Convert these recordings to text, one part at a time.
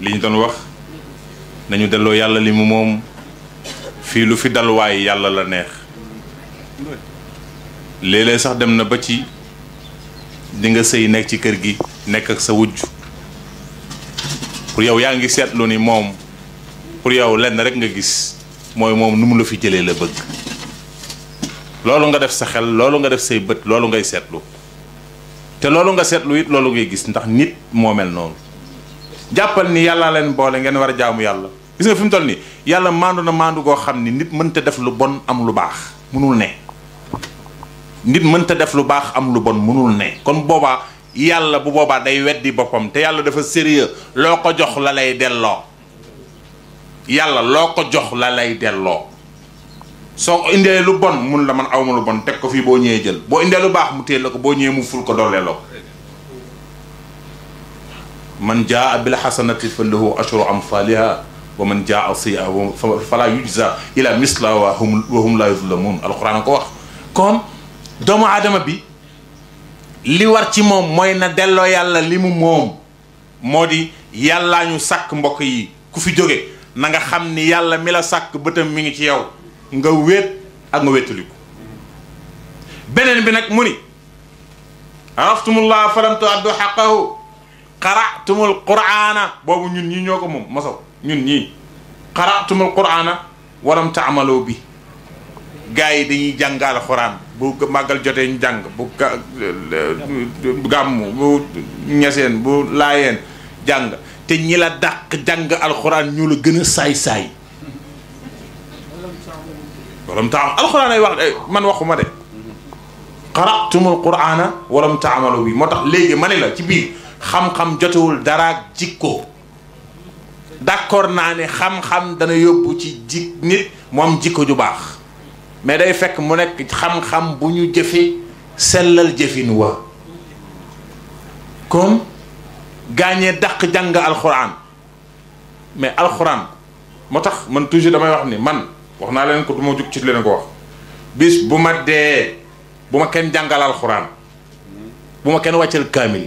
li ñu doon wax nañu delloo yàlla li mu moom fii lu fi dalwaay yàlla la neex léelée sax dem na ba ci di nga sëy nekk ci kër gi nekk ak sa wujj pour yow yaa ngi seetlu ni moom pour yow lenn rek nga gis mooy moom nu mu la fi jëlee la bëgg loolu nga def sa xel loolu nga def say bët loolu ngay seetlu te loolu nga seetlu it loolu ngay gis ndax nit moo mel noonu jàppal ni yàllaa leen boole ngeen war a jaamu yàlla gis nga fi mu toll nii yàlla maandu na maandu goo xam ni nit mën mënta def lu bon am lu baax munul ne nit mënta def lu baax am lu bon munul ne kon boobaa yàlla bu boobaa day weddi boppam te yàlla dafa sérieux loo ko jox la lay delloo yàlla loo ko jox la lay delloo soo indee lu bon mun la man awma lu bon teg ko fii boo ñëwee jël boo indee lu baax mu téye la ko boo ñëwee mu ful ko dooleel la man jaa bil xasanati fa lahu ashru amthaliha wa man jaa siia fala yujza ila misla wa hum wa la yuzlamun alquran a ko wa kon doomu aadama bi li war ci moom mooy na delloo yàlla li mu moom di yàllaa ñu sàkk mbokk yi ku fi joge na nga xam ni yàlla mi la sàkk bëtam mi ngi ci yow nga wéet ak nga wéetaliku beneen bi nag mu ni araftumullah falam tuaddu xaqahu xaratumul quraana boobu ñun ñii ñoo ko moom masaw ñun ñi ñii xaratumul quraana waram amalo bi gars yi dañuy jàngaal xuraan bu màggal jotee ñu jàng bu gàmmu bu ñeseen bu laayeen jàng te ñi la dàq jàng alxuraan ñoo gën a saay-saay walam taam alxuraan ay wax man waxuma de xaratumul quraana waram taamalo bi moo tax léegi ma ne la ci biir xam-xam jotewul daraak jikko d'accord naa ne xam-xam dana yóbbu ci ji nit moom jikko ju baax mais day fekk mu nekk xam-xam bu ñu jëfe sellal jëfin wa kon gaañee daq jàng alxuraan mais alxuraan moo tax man toujours damay wax ni man wax naa leen ko du ma jug ci leen ko wax bis bu ma dee bu ma kenn jàngal alxuraan bu ma kenn wàccal kaamil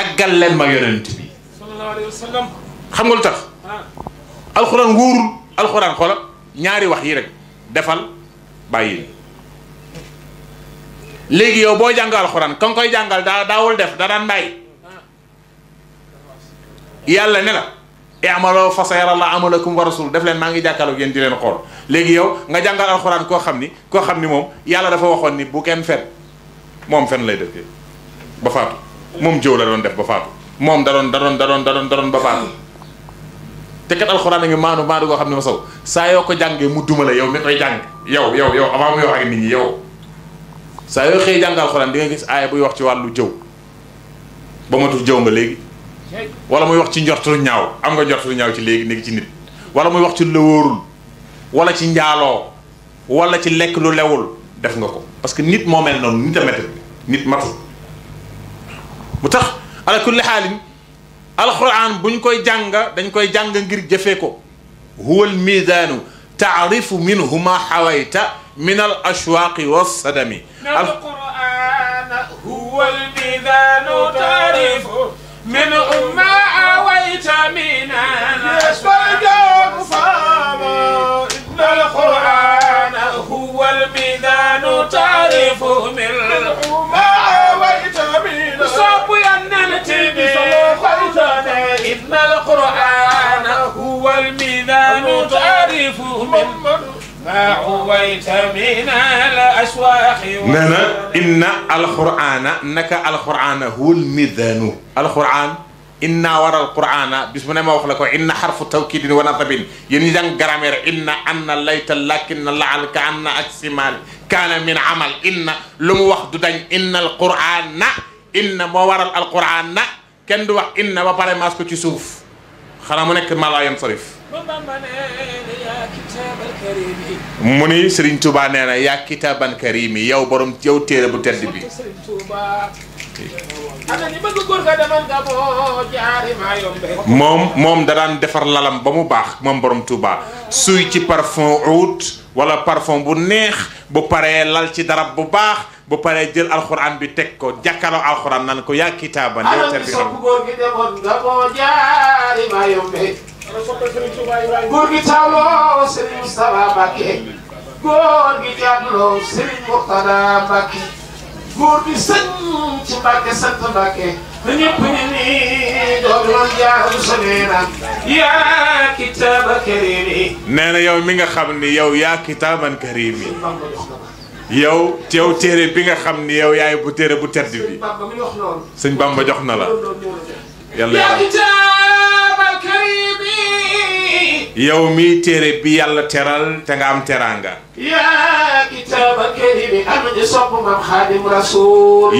taggal leen ma yonent bi xam nga lu tax ah. alxuraan wóorul alxuraan xoola ñaari wax yi rek defal bàyyi léegi yow boo jàngal alxuraan ka nga koy jàngal daa daawul def da daan bàyyi yàlla ne la i'malu fa sayarallahu amalakum wa rasul def leen maa ngi jàkkaarloog yéen di leen xool léegi yow nga jàngal alxuraan koo xam ni koo xam ni moom yàlla dafa waxoon ni bu kenn fen moom fen lay dëkkee ba moom jëw la doon def ba faatu moom da doon da doon da doon da doon da te kat alxuraan a ngi maanu maanu goo xam ne ma saw saa yoo ko jàngee mu duma la yow mi koy jàng yow yow yow avant muy wax ak nit ñi yow saa yoo xëy jàng alxuraan di nga gis aaya buy wax ci wàllu jëw ba matul jëw nga léegi wala muy wax ci njortu ñaaw am nga njortu ñaaw ci léegi nekk ci nit wala muy wax ci lu wóorul wala ci njaaloo walla ci lekk lu lewul def nga ko parce que nit moo mel noonu nit a bu tax ala kulli xaalin alquran buñ koy jàng dañ koy jàng ngir jëfee ko huwa al miizaanu taarifu minhu ma xawayta min al ashwaaqi wassadami هو الميزان تعرف من أما أويت من الأسود أقصام إن القرآن هو الميزان تعرف من أما إن القرآن هو الميزان تعرفه من ما عويت من الأسواق نانا إن القرآن نك القرآن هو الميزان القرآن inna waral qur'ana bis bu ne ma wax la ko inna xarfu tawkidin wa nasabin yéen ñi jàng grammaire inna anna layta lakinna laal ka anna ak simaal kaana min amal inna lu mu wax du dañ inna alqur'ana inna moo waral alqur'ana kenn du wax inna ba pare maas ci suuf xanaa mu nekk mala yam sarif mu ni Sëriñ Tuubaa nee na yaa kitaaban karimi yow borom yow téere bu tedd bi moom moom da daan defar lalam ba mu baax moom borom Touba suy ci parfum oud wala parfum bu neex bu pare lal ci darab bu baax ba pare jël alxuraan bi teg ko jàkkaarloo alxuraan naan ko yaa kitaaban yow terbi sopp góor gi demoon nga koo yombe góor gi tawloo Serigne Moustapha góor gi jaatloo Serigne Mourtada Mbacké góor gi sëñ ci Mbacké sant Mbacké na ni nii doon jaaru sëneena yaa kitaaban karimi nee yow mi nga xam ni yow yaa kitaaban karimi yow teew téere bi nga xam ni yow yaay bu téere bu tedd bi sëñ Bamba jox na la yàlla yow téere bi yàlla teral te nga am teraanga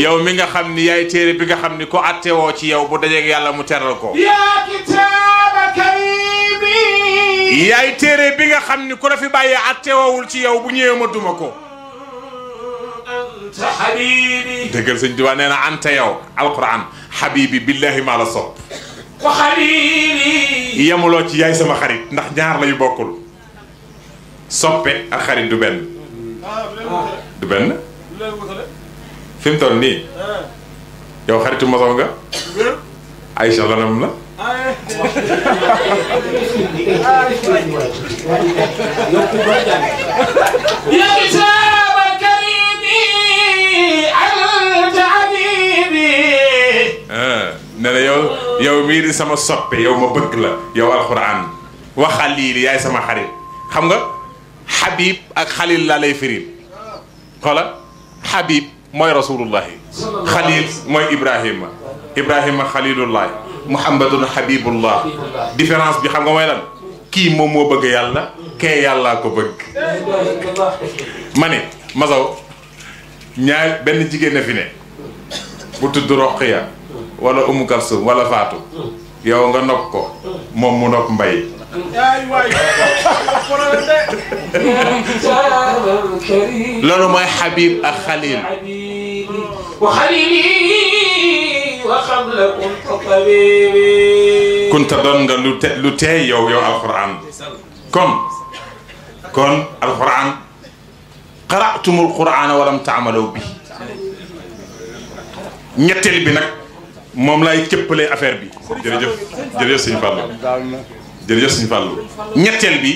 yow mi nga xam ni yaay téere bi nga xam ni ko attewoo ci yaw bu dajeeg yàlla mu teral ko yaay téere bi nga xam ni ku la fi bàyyee attewoowul ci yow bu ñëwee ma ko anta habibi dëggal sëñ Tuubaa nee na anta yow alquran habibi billahi maa la sopp wa xalili yemuloo ci yaay sama xarit ndax ñaar layu bokkul soppe ak xarit du benn du benn fi mu toll nii yow xaritu mosow nga Aïcha lanam la ne la yow yow mii di sama soppe yow ma bëgg la yow alxuraan wax xaliil yaay sama xarit xam nga xabib ak xalil laa lay firil xoola xabib mooy rasulullahi xalil mooy ibrahima ibrahima xalilullahi muhammadun habibullah bi xam nga mooy lan kii moom moo bëgg yàlla kee yàllaa ko bëgg ma ne masaw ñaar benn jigéen a fi ne bu tudd wala Umu Kalsum wala Faatu yow nga nopp ko moom mu nopp mbay loolu mooy xabib ak xalil kunta doon nga lu te lu tee yow yow alquran kon kon alquran qara'tumul qur'ana walam taamalu bi ñetteel bi nag moom lay laay ley affaire bi jërëjëf jërëjëf sëñ Fallou jërëjëf ñetteel bi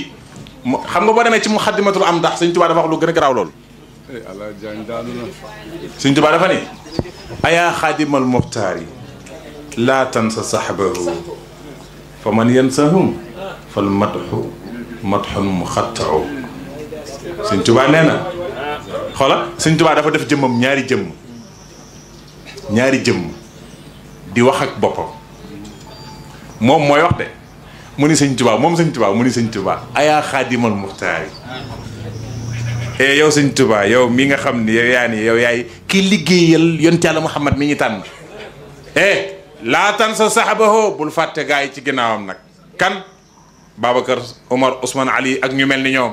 xam nga boo demee ci mu xaddimatul am ndax sëñ dafa wax lu gën a garaaw loolu sëñ Tuubaa dafa ni ayaa xaadimal moxtaar yi laa tansa saxbahu fa man yansahum fal matxu matxun mu xattao sëñ Tuubaa nee na dafa def jëmmam ñaari jëmm ñaari jëmm di wax ak boppam moom mooy wax de mu ni sëñ tubaa moom sëñ tubaa mu sëñ tubaa ayaa xaadimal muxtaar yi e eh, yow sëñ tubaa yow mi nga xam ni yow yaa ni yow yaay ki liggéeyal yonent yàlla muhammad mi ñu tànn e laa tan sa saxabahoo bul fàtte gaa yi ci ginnaawam nag kan Babacar Omar Ousmane Ali ak ñu mel ni ñoom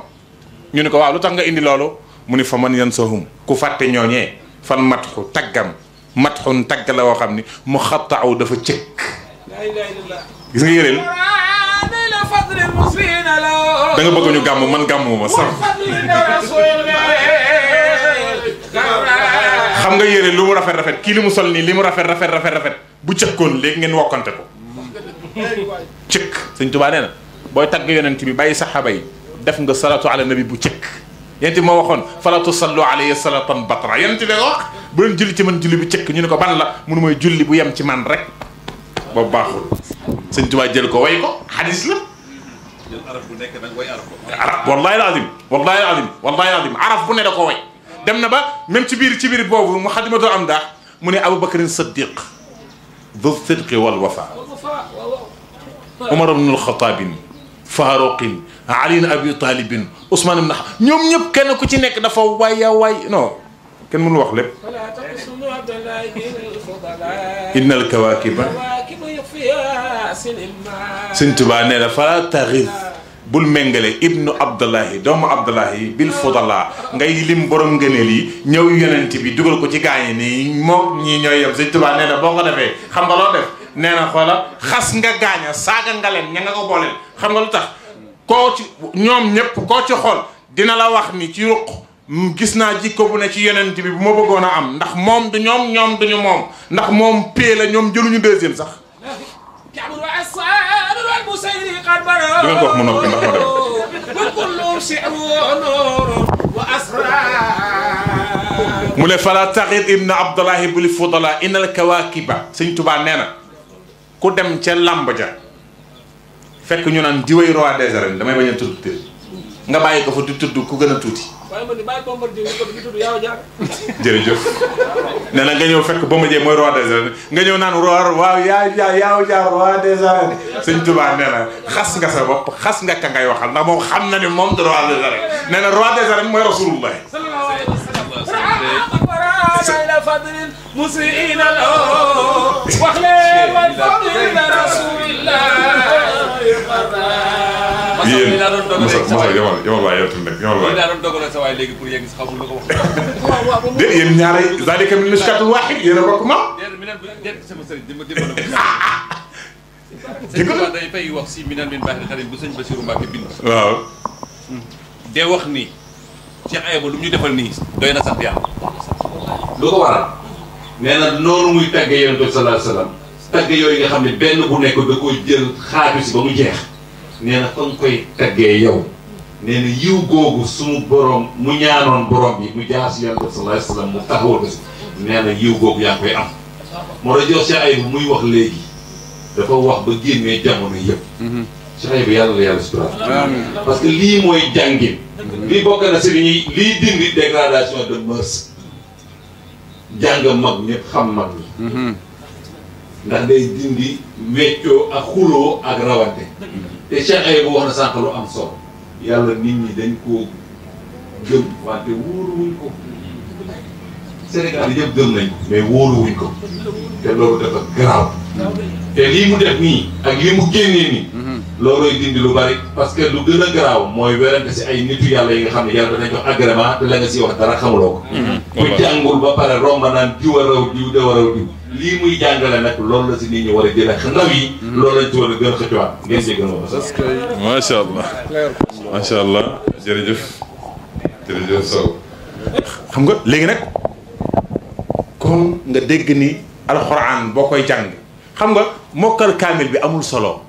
ñu ni ko waaw lu tax nga indi loolu mu ni fa man yan sahum ku fàtte ñooñee fan matxu taggam matxun tagg la woo xam ni mu xattaaw dafa cëkk gis nga yëreel da nga bëgg ñu gàmm man gàmmu ma sax xam nga yére lu mu rafet rafet kii li mu sol nii li mu rafet rafet rafet rafet bu cëkkoon léegi ngeen wokkante ko cëkk sëñ Tuubaa nee na booy tagg yonent bi bàyyi def nga salatu ala nabi bu cëkk yonent bi moo waxoon fala tusallu alayya salatan batra yonent bi wax ah, bu leen julli ci man julli bu cëkk ñu ne ko ban la mu ne mooy julli bu yem ci man rek boobu baaxul sëñ Tuubaa jël ko way ko xadis la arab bu nekk nag way arab ko arab wallahi alazim wallahi alazim wallahi alazim arab bu ne da ko way dem na ba même ci biir ci biir boobu mu xadimatoo am daax mu ne aboubacarin siddiq du sidqi wal wafa omar ibnul xataabin faaruqin ali ibn abi talibin ousmane ibn ñoom ñëpp kenn ku ci nekk dafa waay yaa waay non kenn mënu wax lépp innal kawaakiba sëñ tubaa nee na fala taxis bul méngale ibnu abdullahi doomu abdullahi bil fudala ngay lim borom ngëneel yi ñëw yonent bi dugal ko ci gaañe nii moom ñii ñooy yem sëñ tubaa nee na boo ko defee xam nga loo def nee na xoola xas nga gaaña saaga nga leen ña nga ko booleel xam nga lu tax koo ci ñoom ñépp koo ci xool dina la wax ni ci ruq gis naa jikko bu ne ci yonent bi bu ma bëggoon a am ndax moom du ñoom ñoom duñu moom ndax moom pee la ñoom jëluñu deuxième sax di ngeen ko wax mu noppi ndax ma mu ne fala taxit ibn abdullahi buli fudala inal kawakiba sëñ tubaa nee na ku dem ca làmb fekk ñu naan diway roi des arènes damay bañ a tudd nga bàyyi ko fa di tudd ku gën a tuuti. waaye man de bàyyi Bombardier ko di tudd yaa nee na nga ñëw fekk Bombardier mooy roi des arènes nga ñëw naan roi waaw yaa jaar roi des arènes sëñ Tuubaa nee na xas nga sa bopp xas nga ka ngay waxal ndax moom xam na ne moom du roi des arènes nee na roi des arènes mooy Rasulullah نيل فضل مسيئين له واخلي والفضل لرسول الله yéen Moussa yow yow waaye yow tamit nag yow waaye. déedéet yéen ñaare zalika min mishkatul wahid yéen a bokk ma. dëgg la day fay wax si minan min baaxil xarit bu sëñ Basiru Mbàkke bind. waaw. de wax ni. Cheikh Ayba lu mu ñu defal nii doy na sant yàlla lu ko waral nee na noonu muy tagge yonent bi sallallahu alayhi yooyu nga xam ne benn bu nekk da ko jël xaaju si ba mu jeex nee na fa nga koy taggee yow nee na yiw googu suñu borom mu ñaanoon borom bi mu jaar si yonent bi sallallahu alayhi mu taxawal ko na yiw googu yaa ngi koy am moo tax jox Cheikh Ayba muy wax léegi dafa wax ba génnee jamono yëpp cheikh bi yàlla na yàlla parce que lii mooy jàngin lii bokk na si li ñuy lii dindi dégradation de mœurs jàng mag ñëpp xam mag ñi mhm. ndax day dindi weccoo ak xuloo ak te cheikh ay bu wax na sànq lu am solo yàlla nit ñi dañ koo gëm wante wóoruwuñ ko Sénégal yëpp gëm nañ ko mais wóoruwuñ ko te loolu dafa garaaw te lii mu def nii ak lii mu génnee nii mhm. loolooy dindi lu bari parce que lu gën a garaaw mooy werante si ay nitu yàlla yi nga xam ne yàlla dana jox la nga wax dara xamuloo ko. Mhm. ku jàngul ba pare romb naan diw raw diw de war a lii muy jàngale nag loolu la si nit ñi war a jëlee ndaw yi. Mhm. loolu lañ ci war a gën a xëccuwaat a xam nga léegi nag kon nga dégg ni alxuraan boo koy jàng xam nga mokkal kaamil bi amul solo.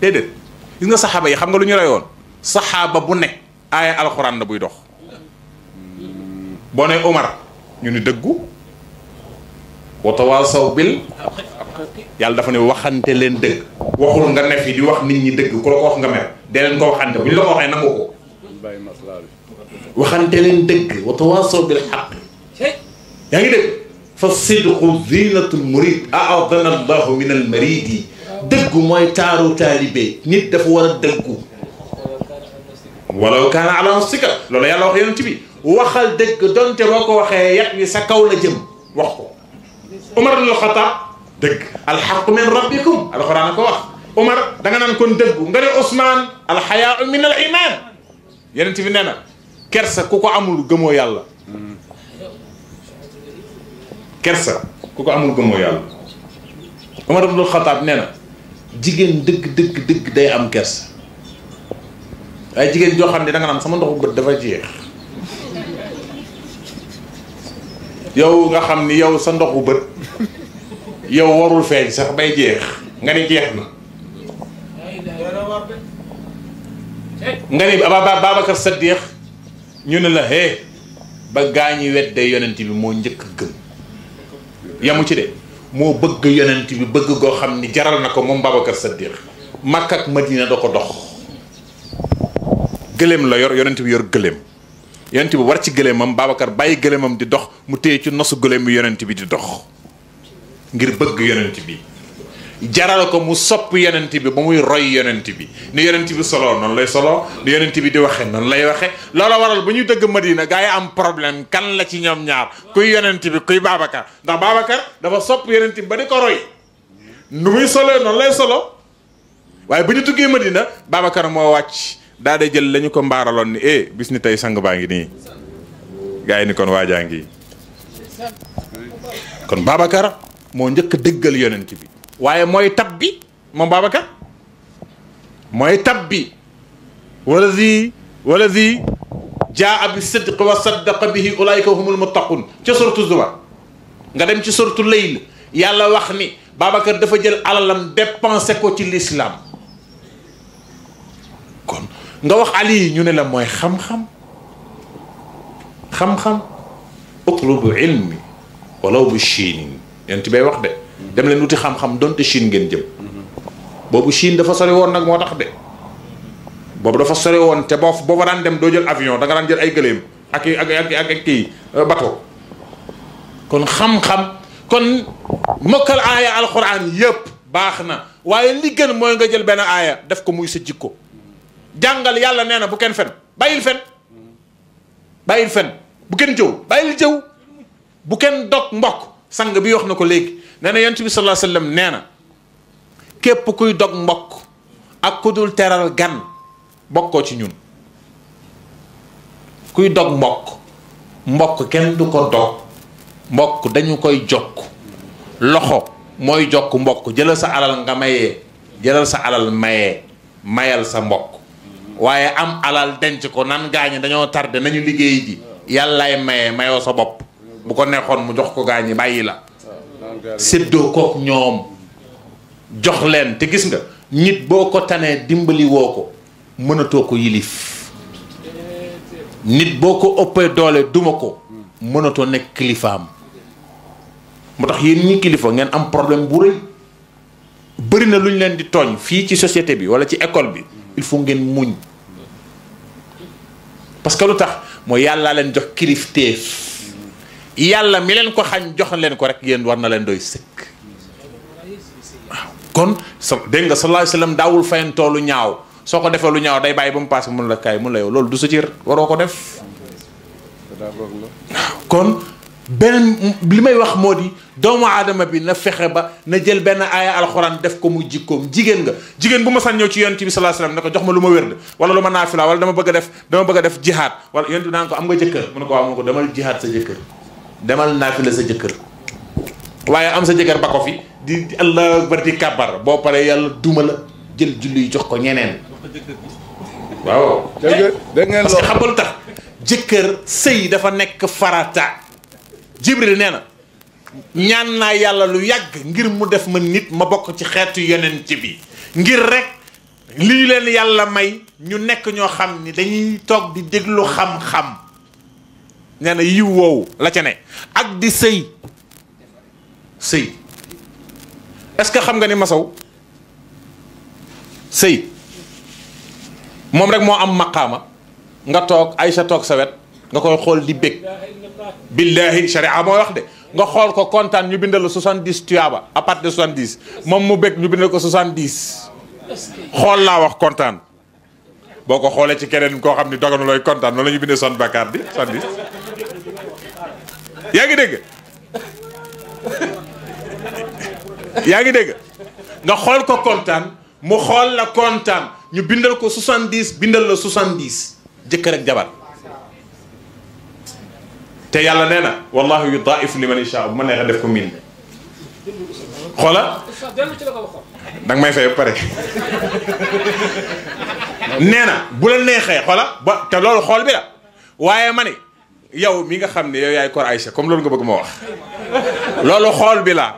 déedéet gis nga saxaaba yi xam nga lu ñu reyoon saxaaba bu nekk aaya alxuraan la buy dox boo ne Omar ñu ni dëggu wa tawaasaw bil yàlla dafa ne waxante leen dëgg waxul nga ne fi di wax nit wax nga mer ko waxante bu ñu la ko waxee nangu ko waxante leen xaq yaa ngi dégg fa sidqu zinatul murid aadana allahu min al dëggu mooy taaru taalibe nit dafa war dëggu walaw kaana ala nafsika loolu yàlla wax yonent bi waxal dëgg donte boo ko waxee kaw la jëm wax ko Umar ibn al-Khattab dëgg alxaqu min rabbikum ko wax Umar da nga naan dëggu nga ne Ousmane al iman yonent bi nee na kersa amul gëmoo yàlla kersa jigéen dëgg dëgg dëgg day am kersa waaye jigéen joo xam ne danga nga naan sama ndoxu bët dafa jeex yow nga xam ni yow sa ndoxu bët yow warul feeñ sax bay jeex nga ni jeex na nga ni ba sa Saddiq ñu ne la hee ba gaa ñi wedde yonent bi moo njëkk gëm yamu ci de moo bëgg yonent bi bëgg goo xam ni jaral na ko moom Babacar Saddiq Makka ak Madina da ko dox gëléem la yor yonent bi yor gëléem yonent bi war ci gëléemam Babacar bàyyi gëléemam di dox mu téye ci nosu gëléem bi yonent bi di dox ngir bëgg yonent bi jaral ko mu sopp yonent bi ba muy roy yenent bi ni yonent bi soloo noonu lay solo ni yonent bi di waxee noonu lay waxe loola waral bu ñu dëgg Madina gaa yi am problème kan la ci ñoom ñaar kuy yonent bi kuy Babacar ndax Babacar dafa sopp yonent bi ba di ko roy nu muy soloo noonu lay solo waaye bu ñu duggee Madina Babacar moo wàcc daa day jël la ko mbaaraloon ni eh bis ni tey sang baa ngi nii gaa yi ni kon waajaa ngi kon Babacar moo njëkk dëggal yonent bi waaye mooy tab bi moom Babacar mooy tab bi wala walla wala zi jaa bi sidq wa saddaqa bihi ulaayka humul muttaqun ca suratu Zumar nga dem ci suratu Layl yàlla wax ni Babacar dafa jël alalam dépensé ko ci l'islam kon nga wax ali ñu ne la mooy xam-xam xam-xam utlubu ilmi walaw bi chiinin yent bay wax de dem leen wuti xam-xam donte Chine ngeen jëm boobu Chine dafa sori woon nag moo tax de boobu dafa sori woon te boo booba daan dem doo jël avion da nga daan jël ay gëléem ak ak ak ak kii euh, bateau kon xam-xam kon mokkal aaya alxuraan yëpp baax na waaye li gën mooy nga jël benn aaya def ko muy sa jikko jàngal yàlla nee na bu kenn fen bàyyil fen bàyyil fen bu kenn jëw bàyyil jëw bu kenn dog mbokk sang bi wax na ko léegi nee na yonent bi sallallahu nee na képp kuy dog mbokk ak ku dul teral gan bokkoo ci ñun kuy dog mbokk mbokk kenn du ko dog mbokk dañu koy jokk loxo mooy jokk mbokk jëlal sa alal nga mayee jëlal sa alal mayee mayal sa mbokk waaye am alal denc ko nan gaañi dañoo tardé nañu liggéey ji yàllaay mayee mayoo sa bopp bu ko neexoon mu jox ko gaañi bàyyi la séddoo kook ñoom jox leen te gis nga nit boo ko tanee dimbali woo ko mënatoo ko yilif nit boo ko ëppee doole duma ko mënatoo nekk kilifaam moo tax yéen ñi kilifa ngeen am problème bu rëy bëri na lu ñu leen di tooñ fii ci société bi walla ci école bi il faut ngeen muñ parce lu tax mooy yàllaa leen jox kilifteef yàlla mi leen ko xañ jox na leen ko rek yéen war na leen doy sëkk waaw kon sa dégg nga sallallahu alayhi wasallam daawul fayantoo lu ñaaw soo ko defee lu ñaaw day bàyyi ba mu paase mun la kaay mun la yow loolu du sa cër waroo ko def kon beneen li may wax moo di doomu aadama bi na fexe ba na jël benn aaya alxuraan def ko mu jikkoom jigéen nga jigéen bu ma san ñëw ci yonent bi sa alayhi wasallam ko jox ma lu ma wér ma naafila wala dama bëgg a def dama bëgg a def jihaad wala yonent bi ko am nga jëkkër mu ne ko waaw mu ne ko demal jihaad sa jëkkër demal naa fi sa jëkkër waaye am sa jëkkër ba ko fi di allah akbar di kàbbar boo paree yàlla duma la jël julli jox ko ñeneen waaw dégg ngeen parce tax jëkkër sëy dafa nekk farata jibril nee na ñaan naa yàlla lu yàgg ngir mu def ma nit ma bokk ci xeetu yonent bi ngir rekk li ñu leen yàlla may ñu nekk ñoo xam ni dañuy toog di déglu xam-xam nee na yiw woowu la ca ne ak di sëy sëy est-ce que xam nga ni masaw sëy moom rek moo am maqaama nga toog ay sa toog sa wet nga koy xool di bég billahi sharia mooy wax de nga xool ko kontaan ñu bindal la 70 tuyaaba à partir de 70 moom mu bég ñu bindal ko 70 xool laa wax kontaan boo ko xoolee ci keneen koo xam ni doganu looy kontaan noonu la bindee son bakkaar di 70 yaa ngi dégg yaa ngi dégg nga xool ko kontaan mu xool la kontaan ñu bindal ko 70 bindal la 70 jëkkër ak jabar te yàlla nee na wallahu yu daif li man insha bu ma neexee def ko miin xoola danga may fay ba pare nee na bu la neexee xoola ba te loolu xool bi la waaye ma yow mi nga xam ne yow yaay kor Aïcha comme loolu nga bëgg moo wax loolu xool bi la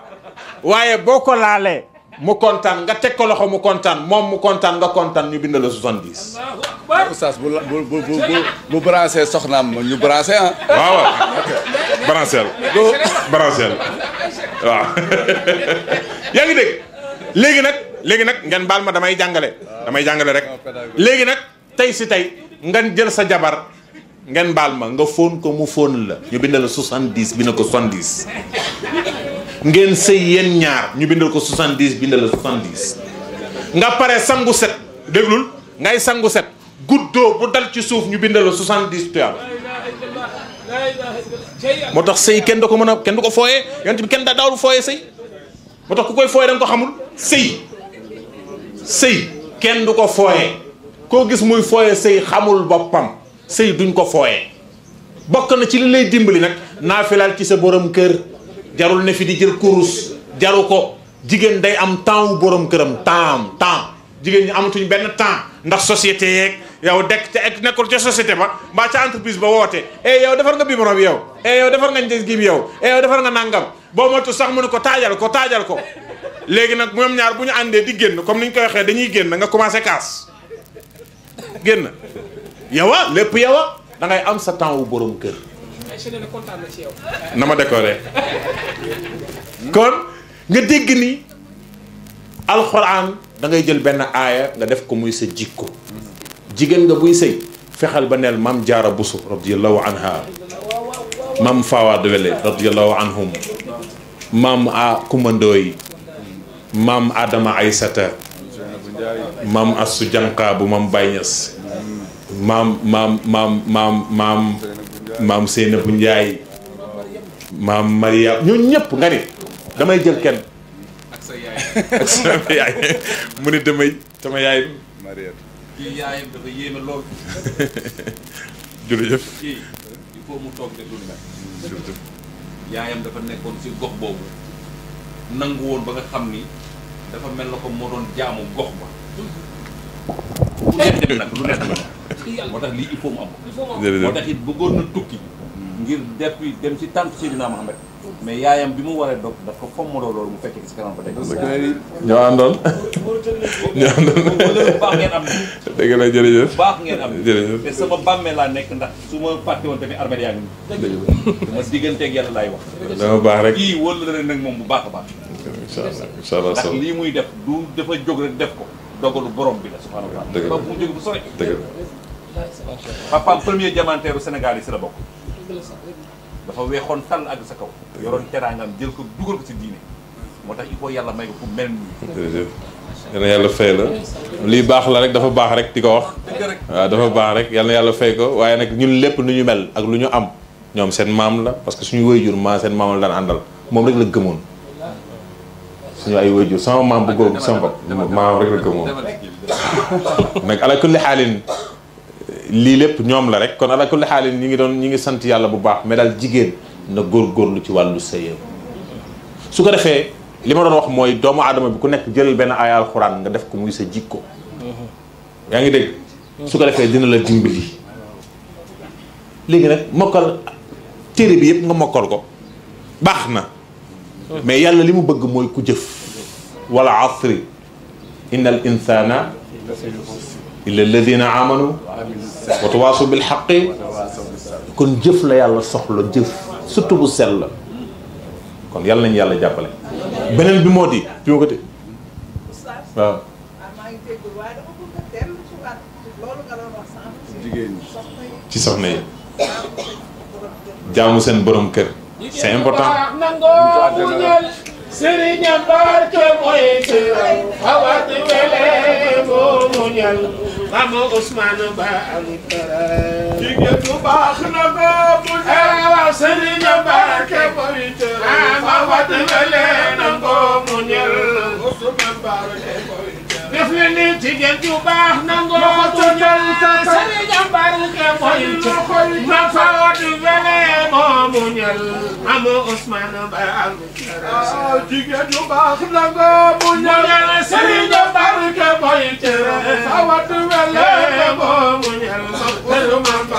waaye boo ko laalee mu kontaan nga teg ko loxo mu kontaan moom mu kontaan nga kontaan ñu bind la 70. oustaz bu bu bu bu branché soxnaam ñu branché ah. waaw waaw branché la. branché la waaw yaa ngi dégg léegi nag léegi nag ngeen baal ma damay jàngale. damay jàngale rek léegi nag tey si tey ngeen jël sa jabar. ngeen baal ma nga fóon ko mu fóon la ñu bindal 70 bindal ko 70 ngeen sëy yéen ñaar ñu bindal ko 70 bindal la 70 nga pare sangu set déglul ngay sangu set guddoo bu dal ci suuf ñu bindal la 70 tuyaab moo tax sëy kenn da ko mën a kenn du ko fooyee yonent bi kenn da daawul fooyee sëy moo tax ku koy fooyee da ko xamul sëy sëy kenn du ko fooyee koo gis muy fooyee sëy xamul boppam sëy duñ ko fooyee bokk na ci li lay dimbali nag naa naafilaal ci sa borom kër jarul ne fi di jël kurus jaru ko jigéen day am temps wu borom këram temps temps jigéen ñi amatuñ benn temps ndax societé yeeg yow dekk ca ek nekkul ca société ba mbaa ca entreprise ba woote e yow defar nga biberon bi yow e yow defar nga njës gi bi yow e defar nga nangam boo moytu sax mu ko taajal ko taajal ko léegi nag moom ñaar bu ñu àndee di génn comme ni ñu koy waxee dañuy génn nga commencé kaas génn yow a lépp yow a am sa temps wu borom kër. na ma décoré. kon nga dégg ni alxuraan da jël benn aaya nga def ko muy sa jikko. jigéen nga buy sëy fexeel ba neel maam jaara busu radiallahu anha maam fawaad wele radiallahu anhum maam a kumandooy maam adama aysata maam asu janqa bu maam bayñas maam maam maam maam maam maam Seynabou Ndiaye maam Mariam ñun ñëpp nga ni damay jël kenn ak sa yaay mu ne damay sama yaay kii yaayam dafa yéeme lool jërëjëf mu toog de dul yaayam dafa nekkoon si gox boobu nangu woon ba nga xam ni dafa mel na ko moo doon jaamu gox ba moo tax lii i faut mu am. jërëjëf moo tax it bëggoon na tukki. ngir depuis dem ci tànk Seydina Mohamed. mais yaayam bi mu waree dog dafa ko fommandoo loolu mu fekkee ci kanam ba tey. ñoo àndoon. ñoo àndoon baax ngeen am. dëgg la jërëjëf baax ngeen am. jërëjëf te sama bàmmee laa nekk ndax su ma fàtte woon tamit armé yaa ngi nii. dëgg la digganteeg laay wax. baax rek kii wóor la nag moom bu baax a baax. incha allah incha allah ndax lii muy def du dafa jóg rek def ko dogalu borom bi la subhaanahu wa taala. dëgg bu mu jóg papaam premier diamanteeru Sénégal yi si la bokk dafa weexoon tàll ak sa kaw yoroon teraangam jël ko dugal ko si diine moo tax il faut yàlla may ko ku mel nii yal yàlla fay la lii baax la rek dafa baax rek di ko wax waaw dafa baax rek yal yàlla fay ko waaye nag ñun lépp lu ñu mel ak lu ñu am ñoom seen maam la parce que suñu wayjur maa seen maam la daan àndal moom rek la gëmoon suñu ay wayjur sama maam bu góor sama maam rek la gëmoon nag ala lii lépp ñoom la rek kon ala kulli xaalin ñi ngi doon ñi ngi sant yàlla bu baax mais daal jigéen na góor góorlu ci wàllu sëyam su ko defee li ma doon wax mooy doomu aadama bi ku nekk jëlal benn aaya alxuraan nga def ko muy sa jikko yaa ngi dégg su ko defee dina la dimbali léegi nag mokkal téere bi yépp nga mokkal ko baax na mais yàlla li mu bëgg mooy ku jëf walla asri innal insana illa alladina amanu wa tawaasaw bil xaqi jëf la yàlla soxla jëf surtout bu sell la kon yàlla nañu yàlla jàppale beneen bi moo di fi ci soxna yi jaamu seen borom kër c'est important sëriñam barke mooy sëriñ xawat wele moo muñal maama Ousmane Ba Aliou Bara. jigéen bu baax na boobu. waaw sëriñ Ba Kébari. ah ma wàttale na ko mu ñor. na ni jigéen ju baax nangoo tu ñal sëriñam barke mooy ci ma faw di wele moomu ñal amu Ousmane ba am ah, jigéen ju baax nangoo mu ñal sëriñam barke mooy ci ma faw di wele moomu ñal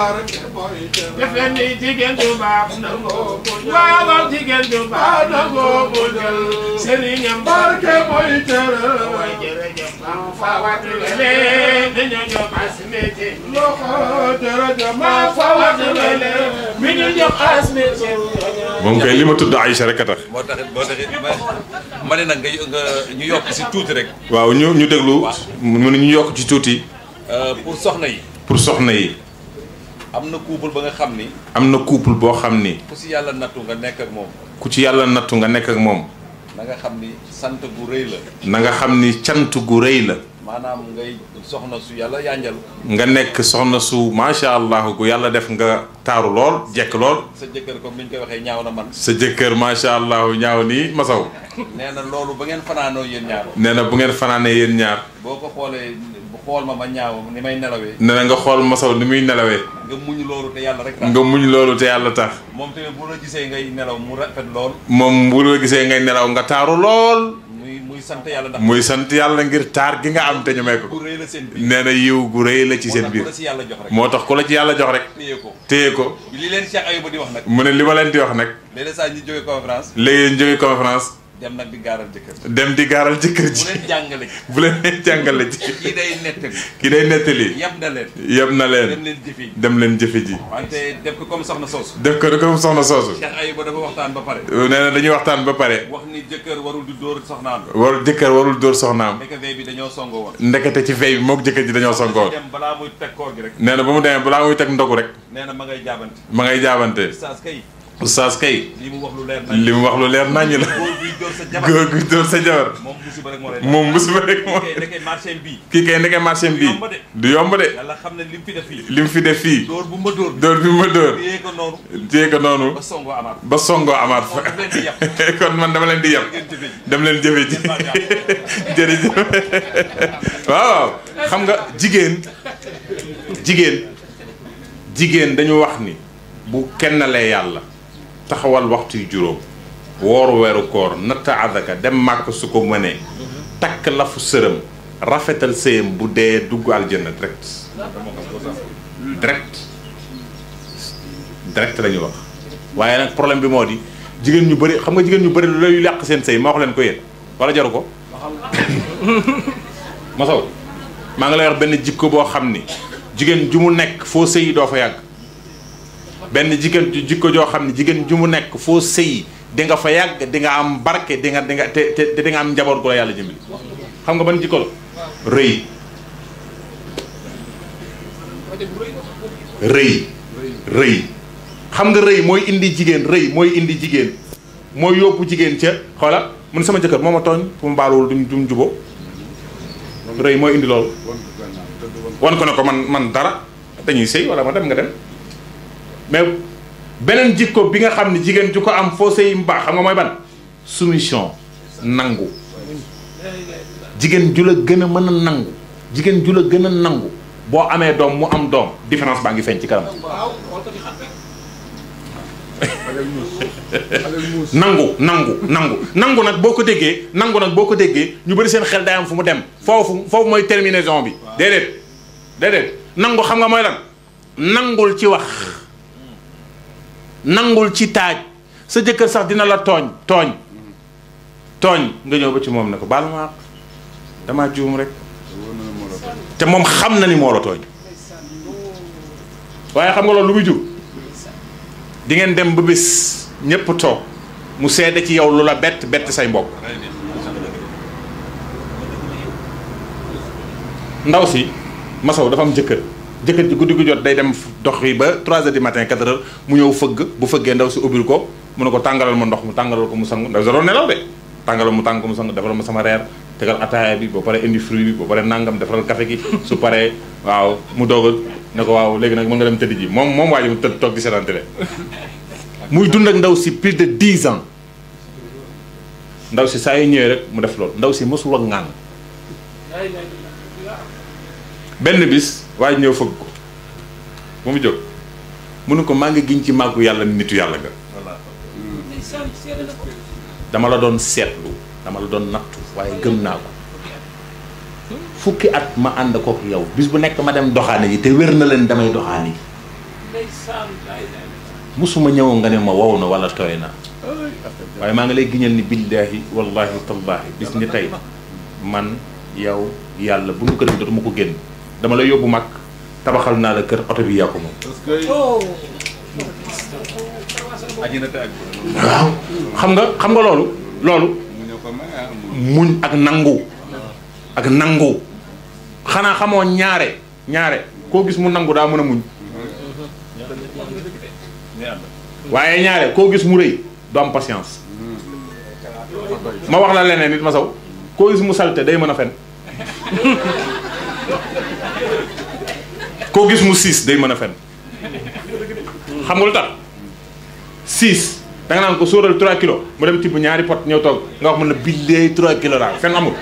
rek mooy dara. li ma tudd Aïcha rek a tax. moo taxit moo taxit ma ne nag nga ñu yokk si tuuti rek. waaw ñu ñu déglu. waaw mu ne ñu yokk ci tuuti. Euh, pour soxna yi. pour soxna yi. am na couple ba nga xam ni. am na couple boo xam ni. ku ci yàlla nattu nga nekk ak moom. ku ci yàlla nattu nga nekk ak moom. na nga xam ni sant gu rëy la. na nga xam ni cant gu rëy la. maanaam ngay soxna su yàlla yanjal nga nekk soxna su macha allah ku yàlla def nga taaru lool jekk lool. sa jëkkër comme ni ñu koy waxee ñaaw na man. sa jëkkër macha allah ñaaw nii Masaw. nee na loolu ba ngeen fanaanoo yéen ñaar. nee na bu ngeen fanaanee yéen ñaar. boo ko xoolee xool ma ma ñaaw ni may nelawee. nee na nga xool Masaw ni muy nelawee. nga muñ loolu te yàlla rek tax. nga muñ loolu te yàlla tax. moom tamit bu la gisee ngay nelaw mu rafet lool. moom bu la gisee ngay nelaw nga taaru lool. muy sant yàlla ndax muy sant yàlla ngir taar gi nga am te ñu may yiw gu rëy la ci seen biir moo tax ku la ci yàlla jox rek téye ko mu ne li leen di wax nag léegi ñu jóge conférence dem nag di gaaral jëkkër. dem di gaaral jëkkër ji bu leen jàngale ji. bu leen jàngale ji. kii day nettali. kii day nettali. yab na leen. yab na leen dem leen jëfe ji. dem leen jëfe ji. wante def ko comme soxna soosu. def ko comme soxna soosu. Cheikh Ayouba dafa waxtaan ba pare. nee na dañuy waxtaan ba pare. wax ni jëkkër warul di dóor soxnaam. jëkkër warul dóor soxnaam. ndekete veille bi dañoo songo woon. ndekete ci veille bi moog jëkkër ji dañoo songo woon. balaa muy teg koor gi rek. nee na ba mu demee balaa muy teg ndogu rek. nee na ma ngay jaabante. ma ngay jaabante. oustaz kay li mu wax lu leer nañu li mu wax lu leer nañu la góor gi dóor sa jabar moom musiba rek moo moom musiba rek moo kii kay ndeke marché bi kii kay ndeke marché bi du yomb de yàlla xam ne lim fi def fii lim fi def fii dóor bu ma dóor dóor bi ma dóor téye ko noonu téye ba songoo amaat ba kon man dama leen di yàpp dama leen jëfe ji jërëjëf waaw xam nga jigéen jigéen dañu wax ni bu kenn lee yàlla taxawal waxtu yu juróom woor weeru koor natta azaka dem màkk su ko mënee takk lafu sërëm rafetal sëyam bu dee dugg aljanna direct direct lañuy la wax waaye nag problème bi moo di jigéen ñu bari xam nga jigéen ñu bëri lu lay yàq seen sëy ma wax leen ko yéen wala jaru ko masaw maa ngi lay wax benn jikko boo xam ni jigéen ju mu nekk foo sëyi doo fa yàgg benn jigéen ju jikko joo xam ne jigéen ju mu nekk foo sëy di nga fa yàgg di nga am barke di nga di nga te te di am njaboot gu la yàlla jëmale xam nga ban jikko la rëy rëy rëy xam nga rëy mooy indi jigéen rëy mooy indi jigéen mooy yóbbu jigéen ca xoola mun sama jëkkër moo ma tooñ fu mu baaluwul duñ duñ juboo rëy mooy indi loolu wan ko ne ko man man dara dañuy sëy wala ma dem nga dem mais beneen jikko bi nga xam ne jigéen ju ko am foo sëy mu baax xam nga mooy ban soumission nangu jigéen ju la gën a mën a nangu jigéen ju la gën a nangu boo amee doom mu am doom différence baa ngi feeñ ci kanam nangu nangu nangu nangu nag boo ko déggee nangu nag boo ko déggee ñu bari seen xel day am fu mu dem foofu foofu mooy terminaison bi déedéet déedéet nangu xam nga mooy lan nangul ci wax nangul ci taaj sa jëkkër sax dina la tooñ tooñ tooñ nga ñëw ba ci moom ne ko baal ma damaa juum rek te moom xam na ni moo la tooñ waaye xam nga loolu lu muy jur di ngeen dem ba bis ñépp toog mu seede ci yow lu la bett bett say mbokk ndaw si masow dafa am jëkkër jëkkër ji guddi gu jot day dem dox yi ba 3 heures du matin 4 heures mu ñëw fëgg bu fëggee ndaw si ubbil ko mu ne ko tàngalal ma ndox mu tàngalal ko mu sang ndaw sa doon nelaw de tàngalal mu tàng ko mu sang defaral ma sama reer tegal ataaya bi boo paree indi fruit bi boo paree nangam defaral café gi su paree waaw mu doogal ne ko waaw léegi nag mën nga dem tëdd ji moom moom waa ji mu tëdd toog di seetaan télé muy dund ak ndaw si plus de 10 ans ndaw si saa yu ñëwee rek mu def loolu ndaw si mësul ak ngaan benn waaye ñëw fëgg ko ba mu jóg mënu ko maa ngi giñ ci màggu yàlla nitu yàlla nga dama la doon seetlu dama la doon nattu waaye gëm naa ko fukki at ma ànd kook yow bis bu nekk ma dem doxaane yi te wér na leen damay doxaane yi musuma ñëwoon nga ne ma wow na wala tooy na waaye maa ngi lay giñal ni billaahi wallaahi tallaahi bis ni tey man yow yàlla bu nu ko def dootuma ko génn dama la yóbbu mag tabaxal naa la kër oto bi yaa ko moom. waaw xam nga xam nga loolu. loolu muñ ak nangu. ak nangu. xanaa xamoon ñaare ñaare koo gis mu nangu daa mën a muñ. waaye ñaare koo gis mu rëy du am patience. ma wax la leneen nit ma saw koo gis mu salte day mën a fen koo gis mu siis day mën a fen xam nga lu tax siis da naan ko sóoral 3 kilos mu dem tibb ñaari pot ñëw toog nga wax mën na billee 3 kilos daal fen amul.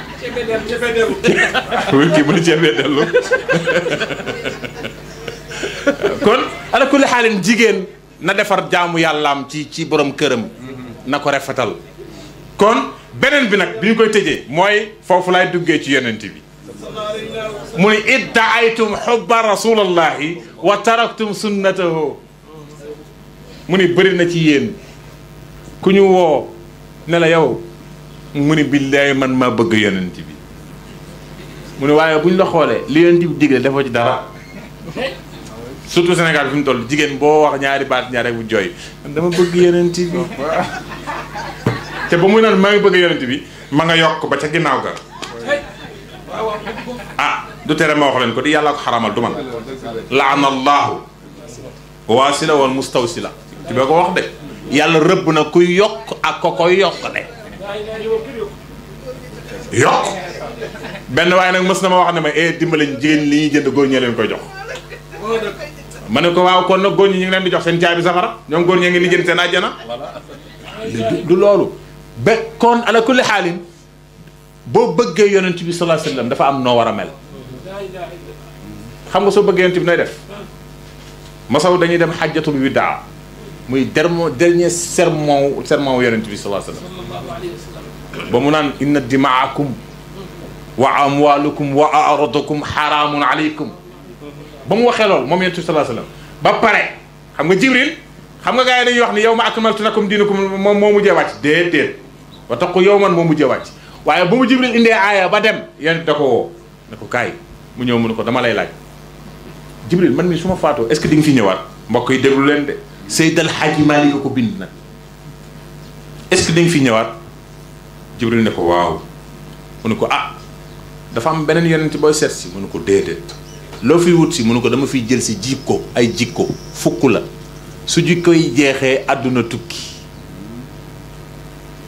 kon ala kulli xaalin jigéen na defar jaamu yàllaam ci ci borom këram. na ko rafetal. kon beneen bi nag bi ñu koy tëjee mooy foofu laay duggee ci yonent bi. mu ne iddaaytum xubba rasulallahi wa taraktum sunnatahu mu ni bëri na ci ku ñu woo ne la yow mu ni billaay man ma bëgg yonent bi mu ne waaye bu ñu la xoolee li yonent bi digle defoo ci dara surtout Sénégal fi mu toll jigéen boo wax ñaari baat ñaar rek bu jooy man dama bëgg yonent bi te ba muy naan maa bëgg yonent bi ma nga yokk ba ca ginnaaw ga du tere ma wax leen ko di yàllaa ko xaramal du man laanallaahu waasila wal mustawsila ci ba ko wax de yàlla rëbb na kuy yokk ak ko koy yokk de yokk benn waaye nag mës na ma wax ne ma eh dimbalañ jigéen li ñuy jënd góor ñee jox ma ne ko waaw kon nag góor ñi ñu ngi leen di jox seen caabi safara ñoom góor ñee ngi lijjanti seen àjjana du loolu ba kon ala kulli xaalin boo bëggee yonent bi sallallahu alayhi dafa am noo war a mel xam nga soo bëggee yonent bi nooy def masaw dañuy dem xajjatul widaa muy dermo dernier sermon sermon wu yonent bi salaa ba mu naan inna dimaakum wa amwalukum wa aradukum xaraamun aleykum ba mu waxee loolu moom yonent bi salaa sallam ba pare xam nga jibril xam nga gars yi dañuy wax ni yow ma akmaltu lakum diinakum moom moo mu wàcc déet déet wa taqu yow man moo mujjee wàcc waaye ba mu jibril indee aaya ba dem yonent da ko woo mu ñëw mu ne ko dama lay laaj Jibril man mi su ma faatoo est-ce nga fi ñëwaat mbokk yi déglu leen de Seydal Hadji Malick nga ko bind nag est-ce que di fi ñëwaat Jibril ne ko waaw mu ne ko ah dafa am beneen yonent booy seet si mu ne ko déedéet loo fi wut si mu ko dama fiy jël si jikko ay jikko fukk la su jikkoy jeexee àdduna tukki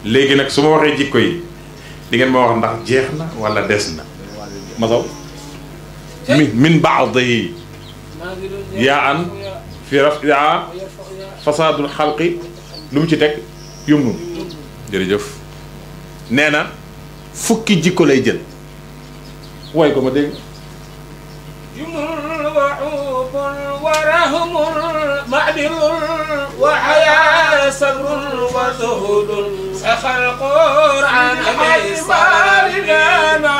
léegi nag su ma waxee jikko yi di ngeen ma wax ndax jeex na wala des na masaw min baadihi yaa an fi rafia fasaadul xalqi lu mu ci teg yumnu jërëjëf nee na fukki jikko lay jël way ko ma dégg yumnun wa ubun wa rahmun madirun wa haya sabrun wa zuhudun sa xalqur an abi saalidana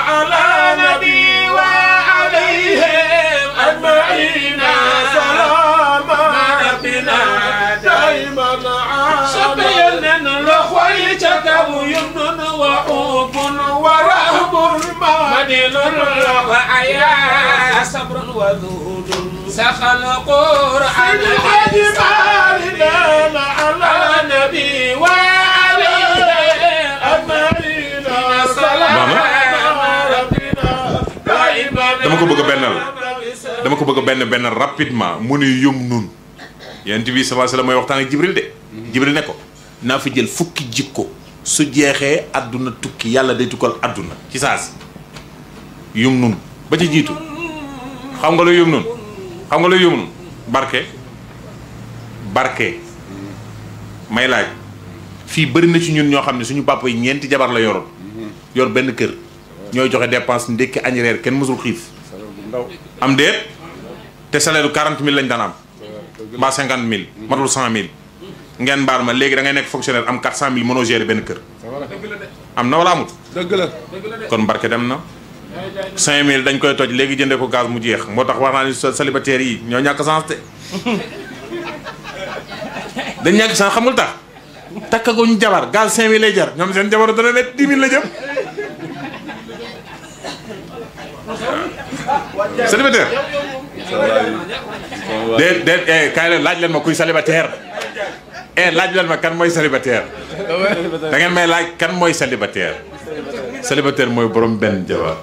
صبر مدين وحياة صبر وذود سخل قرآن الإنسان على النبي وعلى أمرين dama ko bëgg a bennal dama ko bëgg a benn benn rapidement mu ni yum nun yonent bi sallallahu alayhi wa sallam mooy waxtaan ak Jibril de Jibril ne ko naa fi jël fukki jikko su jeexee àdduna tukki yàlla day tukkal àdduna ci saasi yum nun ba ci jiitu xam nga luy yum nun xam nga luy yum nun barke barke may laaj fii bëri na ci ñun ñoo xam ne suñu papa yi ñeenti jabar la yoroon yor benn kër ñooy joxe dépense ndékki añ reer kenn mësul xiif am déet te salaire lu quarante mille lañ daan mbaa cinquante mille matul cent mille ngeen baal ma léegi da ngay nekk fonctionnaire am 400000 mënoo gérer benn kër. am na wala kon mbarke dem na. mille dañ koy toj léegi jëndee ko gaz mu jeex moo tax wax naa ni célibataire yi ñoo ñàkk sens dañ ñàkk sens jabar gaz 5000 lay ñoom seen jabar dana ne 10 000 la jëm. célibataire. déet déet eh, kaay leen laaj leen ma kuy célibataire. eh laaj leen ma kan mooy célibataire da ngeen may laaj kan mooy célibataire célibataire mooy borom benn jabar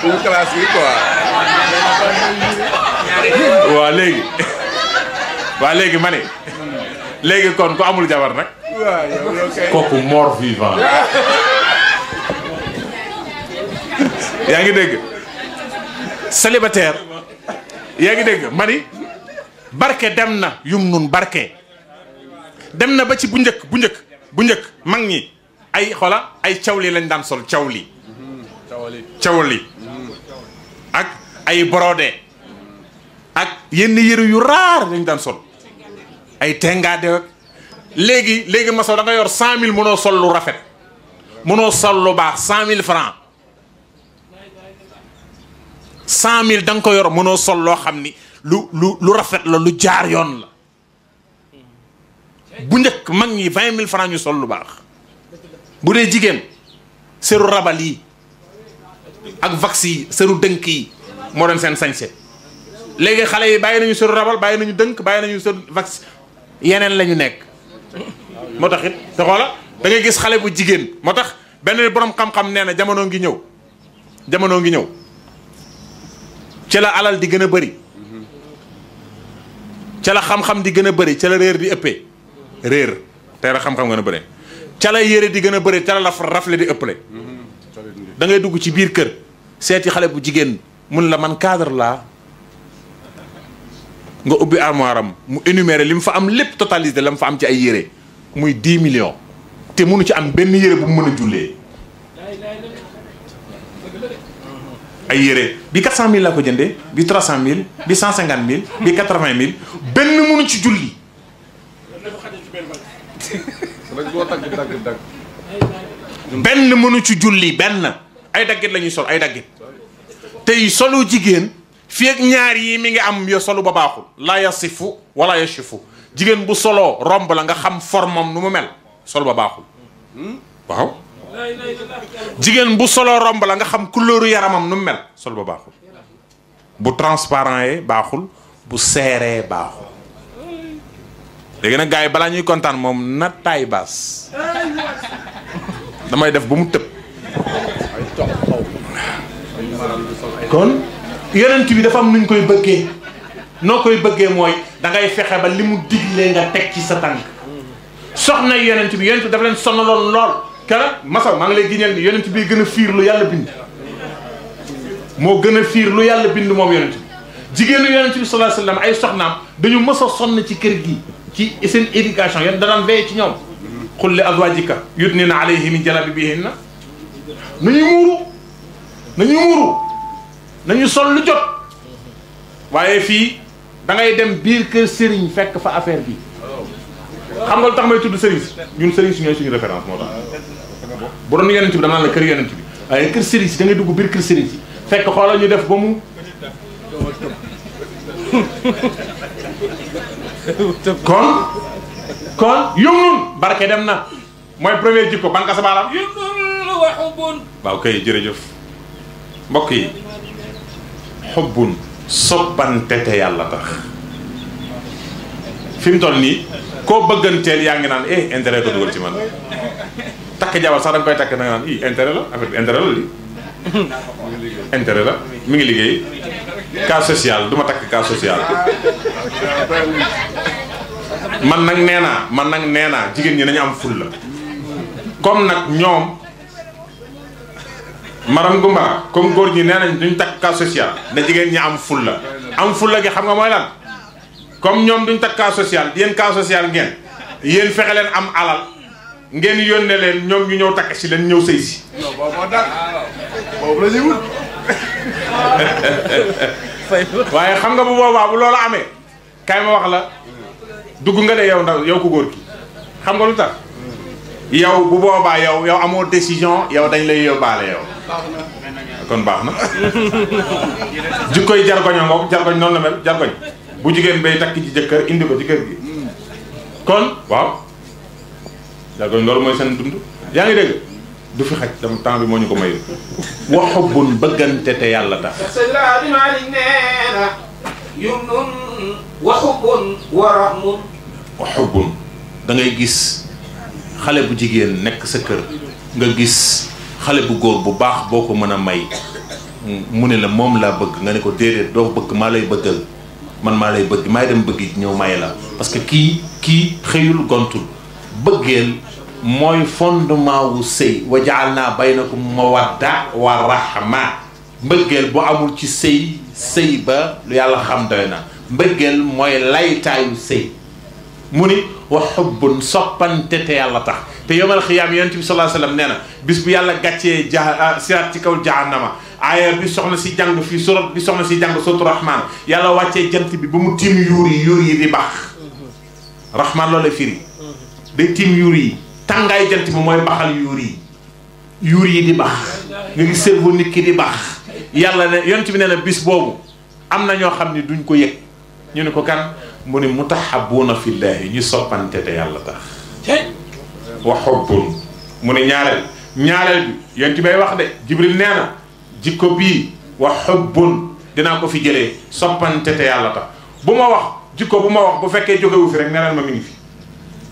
pour classe yi quoi waaw léegi waaw léegi ma ne léegi kon ku amul jabar nag kooku mort vivant yaa ngi dégg célibataire yaa ngi dégg ma barke dem na yum nun barke dem na ba ci bu njëkk bu njëkk bu njëkk mag ñi ay xola ay cawli lañ daan sol cawli cawli ak ay borode ak yenn yëru yu raar lañ daan sol ay tengaade léegi léegi ma sow da nga yor cent mille mënoo sol lu rafet mënoo sol lu baax cent mille franc cent mille da nga ko yor mënoo sol loo xam ni lu lu lu rafet la lu jaar yoon la bu njëkk mag ñi vingt mille francs ñu sol lu baax bu dee jigéen seru rabal yi ak vax yi seru dënk yi moo doon seen sañse léegi xale yi bàyyi nañu seru rabal bàyyi nañu dënk bàyyi nañu seru vax yeneen lañu nekk moo tax it te xoola da gis xale bu jigéen moo tax benn boroom xam-xam nee na jamono ngi ñëw jamono ngi ñëw ci la alal di gën a bari ca la xam-xam di gën a bëri ca la réer di ëppee réer te la xam-xam gën a bëri ca la yére di gën a bëri ca la rafle di ëpp da ngay dugg ci biir kër seeti xale bu jigéen mun la man cadre laa nga ubbi armoire am mu énumérer li mu fa am lépp totalisé la mu fa am ci ay yére muy 10 million te mënu ci am benn yére bu mu mën a jullee ay yére bi 400000 laa ko jënde bi 300000 bi 150000 bi 80000 benn mënu ci julli. benn mënu ci julli benn ay daggit la ñuy sol ay daggit tey solu jigéen fii ak ñaar yi mi ngi am yo solu ba baaxul la yasifu wala yashifu jigéen bu soloo romb la nga xam formam nu mu mel sol ba baaxul jigéen bu solo romb la nga xam couleur yaramam nu mel sol ba baaxul bu transparent yee baaxul bu seeree baaxul léegi nag gars yi balaa ñuy kontaan moom na taay baas damay def bu mu tëb kon yonent bi dafa am nuñ koy bëggee noo koy bëggee mooy dangay fexe ba li mu diglee nga teg ci sa tànk soxna yonent bi yonent bi dafa leen sonaloon lool keroog Massaw maa ngi lay giñal ni yonent bi gën a fiir lu yàlla bind gën a fiir lu yàlla bind moom yonent bi jigéenu yonent bi sallallahu alayhi wasallam ay soxnaam dañu mës a sonn ci kër gi ci seen éducation yan danaan veillé ci ñoom qul li azwajika yudnina alayhi min jalabibihinna nañu muuru nañu muuru nañu sol lu jot waaye fii dangay dem biir kër sëriñ fekk fa affaire bi xam nga lu tax may tudd sëriñ si ñun sëriñ si ñooy suñu référence moo tax bu doon yonent bi dama naan la kër yonent bi waaye kër sëriñ si da dugg biir kër sëriñ si fekk xoolal ñu def ba mu kon kon yumnun barke dem na mooy premier jikko ban ka sa baalam yumnun wa xubbun waaw kay mbokk yi xubbun soppante te yàlla tax fi mu toll nii koo bëgganteel yaa ngi naan eh intérêt dugal ci man takk jabar sax da nga koy takk da nga naan i intérêt la affaire mi ngi liggéey cas social du ma takk cas social man nag nee naa man nag nee naa jigéen ñi nañu am ful la comme nag ñoom maram gumba comme góor ñi nee nañ duñ takk cas social da jigéen ñi am ful la am ful la xam nga mooy lan comme ñoom duñ takk cas social yéen cas social ngeen yéen fexe leen am alal ngeen yónnee leen ñoom ñu ñëw takk si leen ñëw sëy si. non boobu moo waaye xam nga bu boobaa bu loola amee kaay ma wax la dugg nga de yow ndaw yow ku góor ki xam nga lu tax. yow bu boobaa yow yow amoo décision yow dañ lay yóbbaale yow. kon baax na. jikkoy jargoño ngoog jargoñ noonu la mel jargoñ bu jigéen bay takk ci jëkkër indi ko ci kër gi. Hmm. kon waaw. yaa loolu mooy seen dund. yaa ngi dégg du fi xaj tam temps bi moo ñu ko mayu waxu bun bëggante te yàlla tax. waxu bun. waxu bun da ngay gis xale bu jigéen nekk sa kër nga gis xale bu góor bu baax boo ko mën a may mu ne la moom laa bëgg nga ne ko déedéet doo bëgg maa lay bëggal man maa lay bëgg maa dem bëgg ñëw may la parce kii kii xëyul gontul bëggeel. mooy fondement wu sëy wa jaal naa ko mu mawadda wa rahma mbëggeel bu amul ci sëy sëy ba lu yàlla xam doy na mbëggeel mooy laytaayu sëy mu ni wa xubbun soppante te yàlla tax te yomal xiyaam yonent bi sallallahu alayhi wasallam nee na bis yàlla gàccee ja ah, siraat ci kaw jahannama aaya bi soxna si jàng fii surat bi soxna si jàng suratu rahman yàlla wàccee jant bi ba mu tiim yuur yi yuur yi di baax rahman loola firi day tiim yuur yi tàngaay jant bi mooy baxal yuur yi yuur yi di bax nga ngi cerveau nit ki di bax yàlla ne yont bi ne bis boobu am na ñoo xam ni duñ ko yëg ñu ne ko kan mu ne mutahabbuuna fillaahi ñu soppante te yàlla tax wa ne ñaareel ñaareel bi wax de jibril nee na jikko bii wa hubbun dinaa ko fi jëlee soppante yàlla bu ma wax jikko bu ma wax bu fekkee jógewu fi rek neneen ma mi ngi fi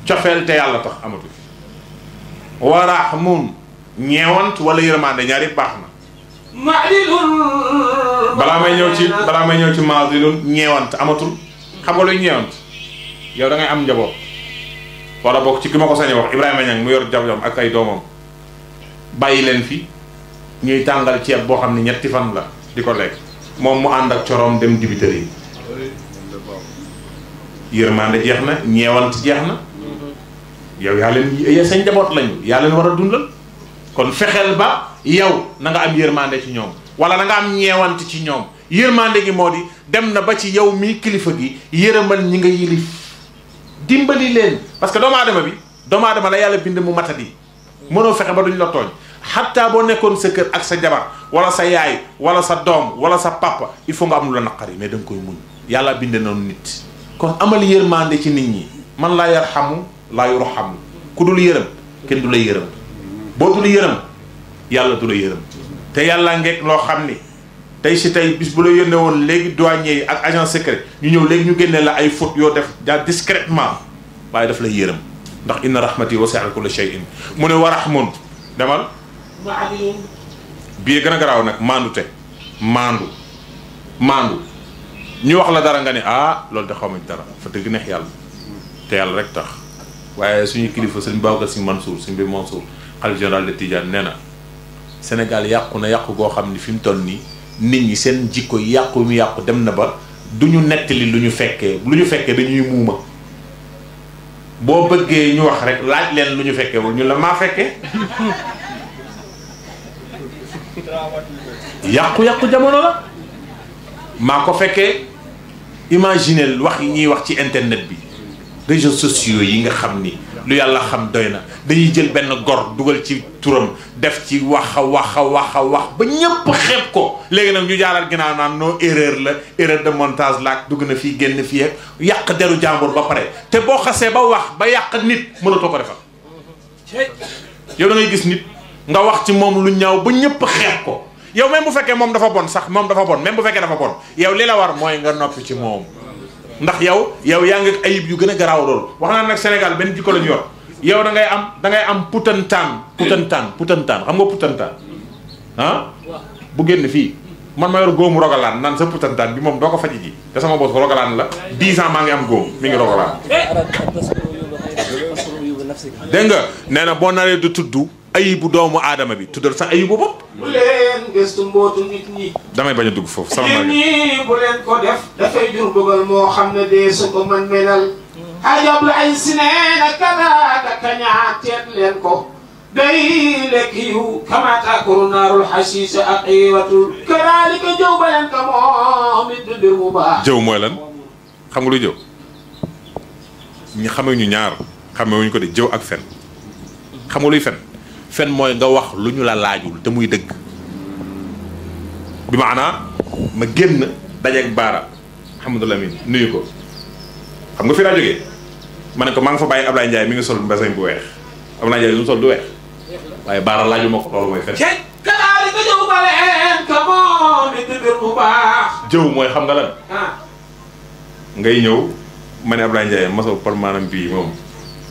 cofeel te yàlla tax amatu wa rahmun ñeewant wala yërmande ñaar yëpp baax na balaa may ñëw ci balaa may ñëw ci maadilun ñeewant amatul xam nga luy ñeewant yow da ngay am njaboot wala bokk ci ki ma ko sañe wax Ibrahima Niang mu yor jabjam ak ay doomam bàyyi leen fi ñuy tàngal ceeb boo xam ne ñetti fan la di ko lekk moom mu ànd ak coroom dem dibitëri yi yërmande jeex na ñeewant jeex na yow yaa leen sañ njaboot lañu yaa leen war a dundal kon fexeel ba yow na nga am yërmande ci ñoom wala na am ñeewante ci ñoom yërmande gi moo di dem na ba ci yow mii kilifa gi yërëmal ñi nga yilif dimbali leen parce que doomu aadama bi doomu aadama la yàlla bind mu matadi mënoo fexe ba duñu la tooñ xatta boo nekkoon sa kër ak sa jabar wala sa yaay wala sa doom wala sa papa il faut nga am lu la naqari mais da nga koy muñ yàlla binde noonu nit ci nit ñi man laa yarhamu laa na ku dul yërëm kenn du yërëm boo dul yërëm yàlla du la yërëm te yàlla ngeeg loo xam ni tey si tey bis bu la yónnee woon léegi douanier yi ak agent secret ñu ñëw léegi ñu génnee la ay fautes yoo def ja discrètement waaye daf lay yërëm ndax inna rahmati wasi'at kulla shay'in mu ne wa rahmun demal bii gën a garaaw nag maandu te maandu maandu ñu wax la dara nga ne ah loolu de xaw ma dara fa dëgg neex yàlla te yàlla rek tax waaye suñu kilifa sëñ Babacar Sy Mansour sëñ bi Mansour xalif général de Tidiane nee na Sénégal yàqu na yàqu goo xam ni fi mu toll nii nit ñi seen njikko yàqu mu yàqu dem na ba du ñu nettali lu ñu fekkee lu ñu fekkee dañuy muuma boo bëggee ñu wax rek laaj leen lu ñu fekkee wala ñu la maa fekkee yàqu-yàqu jamono la maa ko fekkee imaginel wax yi ñuy wax ci internet bi réseaux sociaux yi nga xam ni lu yàlla xam doy na dañuy jël benn gor dugal ci turam def ci wax a wax a wax a wax ba ñépp xeeb ko léegi nag ñu jaaral ginaaw naan noo erreur la erreur de montage laak dugg na fii génn fii yàq deru jàmbur ba pare te boo xasee ba wax ba yàq nit mënatoo ko defal yow da gis nit nga wax ci moom lu ñaaw ba ñépp xeeb ko yow même bu fekkee moom dafa bon sax moom dafa bon même bu fekkee dafa bon yow li la war mooy nga nopp ci moom ndax yow yow yaa ngi ayib yu gën a garaaw loolu wax naa nag Sénégal benn jikko la ñu yor yow da ngay am dangay ngay am putantaan putantaan putantaan xam nga putantaan ah bu génn fii man ma yor góomu rogalaan naan sa putantaan bi moom doo ko faji ji te sama bopp rogalaan la 10 ans maa ngi am góom mi ngi rogalaan dégg nga nee na boo naree du tudd ay ayibu doomu aadama bi tuddal sa ayibu bopp. bu leen gëstu mbootu nit ñi. damay bañ dugg foofu sama ñi bu leen ko def. dafay jur bëggal moo xam ne dee su ko man ko. day lekk yu ba leen ko moom it du mbir mu baax. jëw mooy lan xam nga lu jëw ñi xamee ñu ñaar xamee wuñ ko de jëw ak fen xam nga luy fen. fen mooy nga wax lu ñu la laajul te muy dëgg bi maanaa ma génn dajeeg baara nuyu ko xam nga fi laa jógee ne ko maa ngi fa bàyyi Ablaye Ndiaye mi ngi sol mbasin bu weex Ablaye Ndiaye lu sol du weex waaye baara laajuma ko loolu mooy fen jëw mooy xam nga lan ah. ngay ñëw ma ne Ablaye Ndiaye ma sol par maanaam bii moom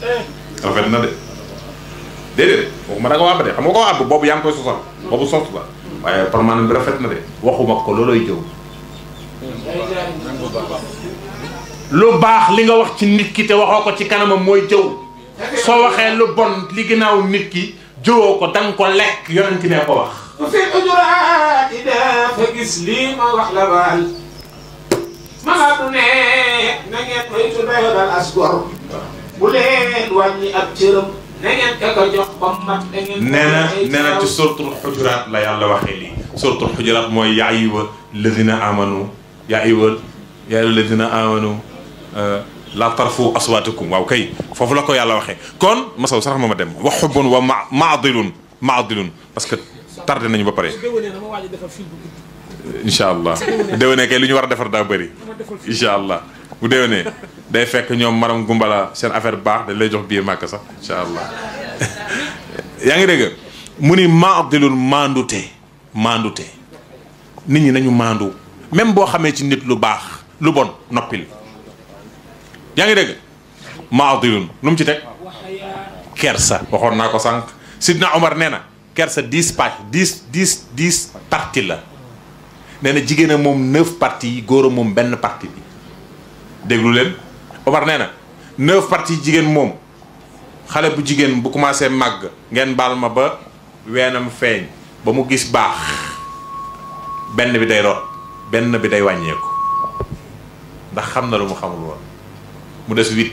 eh. rafet na de déedéet waxuma da nga waab de xam nga koo waab boobu yaa ngi koy sosal boobu sos la waaye par bi rafet na de waxuma ko loolooy jëw lu baax li nga wax ci nit ki te waxoo ko ci kanamam mooy jëw soo waxee lu bon li ginnaaw nit ki jëwoo ko danga ko lekk yonent ne ko wax fi ujuraati daa fa gis lii ma wax la baal ma nga du ne na ngeen moytu doyadal as bu leen wàññi ab cëram na ngeen ka ko la yàlla waxee lii suratul xujuraat mooy yaa ayyuha alladina amanu yaa la eh, tarfu aswaatakum waaw kay foofu la ko yàlla waxee kon masaw sax ma ma dem wa xubbun wa ma maadilun maadilun parce que tardé nañu ba pare incha allah bu déwénee kay lu ñu war a defar daa bëri incha allah bu déwénee day fekk ñoom maram gumbala seen affaire baax de lay jox biir màkk sax incha allah yaa ngi dégg mu ni maa abdilul maandute maandute nit ñi nañu maandu même boo xamee ci nit lu baax lu bon noppil nu mu ci teg kersa waxoon naa ko sànq sidna omar nee na kersa dix pàcc dix dix dix parti la nee na jigéen a moom neuf parti yi góor moom benn parti bi déglu leen Omar nee na neuf parti jigéen moom xale bu jigéen bu commencé màgg ngeen baal ma ba weenam feeñ ba mu gis baax benn bi day root benn bi day wàññeeku ndax xam na lu mu xamul woon mu des huit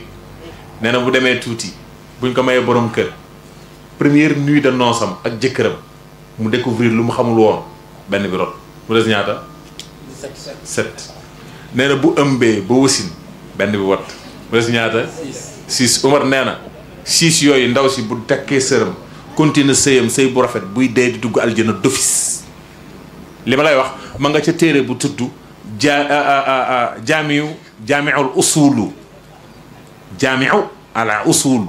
nee na bu demee tuuti buñ ko mayee boroom kër première nuit de noces ak jëkkëram mu découvrir lu mu xamul woon benn bi root mu des ñaata. sept nee bu ëmbee ba wasin benn bi wat mu des ñaata. six Umar nee na six yooyu ndaw si bu takkee sëram continue sëyam sëy bu rafet buy dee di dugg aljana d'office li ma lay wax ma nga ca téere bu tudd jaa jaamiu jaamiul usulu jaamiu ala usul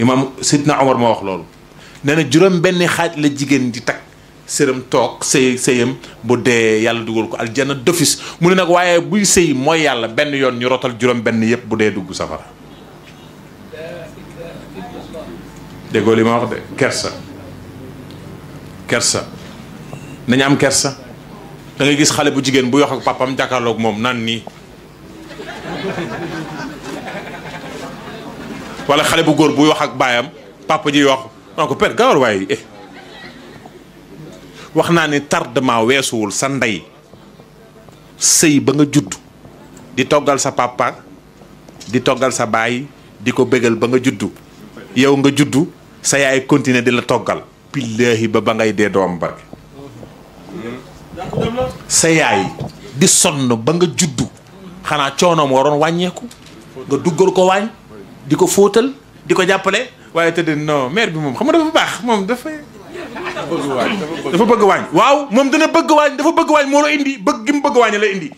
imam sidna Omar moo wax loolu nee juróom benn xaaj la jigéen di takk sëram toog sëy sëyam bu dee yàlla dugal ko aljana dofis mu ne nag waaye buy sëy mooy yàlla benn yoon ñu rotal juróom benn yëpp bu dee dugg safara déggoo li ma wax de kersa kersa nañu am kersa dangay gis xale bu jigéen bu yox ak papam jàkkaarloog moom nan nii wala xale bu góor buy wax ak baayam papa ji wax naa ko père gaawal waaye eh wax naa ni tardement weesuwul sa ndey sëy ba nga judd di toggal sa papa di toggal sa baay di ko bégal ba nga juddu yow nga juddu sa yaay continuer di la toggal billaahi ba ba ngay dee doom ba sa yaay di sonn ba nga juddu xanaa coonoom waroon wàññeeku nga duggal ko waañ di ko fóotal di ko jàppale waaye tëdd non mère bi moom xam nga dafa baax moom dafa dafa bëgg waañ waaw moom dana bëgg waañ dafa bëgg waañ moo la indi bëgg gi mu bëgg waañ la indi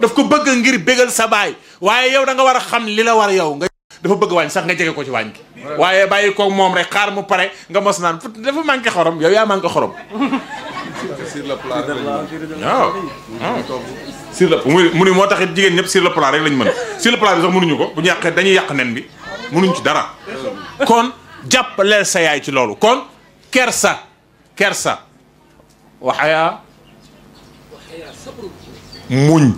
daf ko bëgg ngir bégal sa baay waaye yow da nga war a xam li la war a yow nga dafa bëgg waañ sax nga jege ko ci waañ gi waaye bàyyi ko moom rek xaar mu pare nga mos naan dafa manqué xorom yow yaa manqué xorom sur le plan waaw sur le mu ni moo tax it jigéen ñëpp sur le plan rek lañ mën sur le plan bi sax mënuñu ko bu ñu yàqee dañuy yàq nen bi mënuñ ci dara kon jàppaleel sa yaay ci loolu kon kersa kersa waxayaa muñ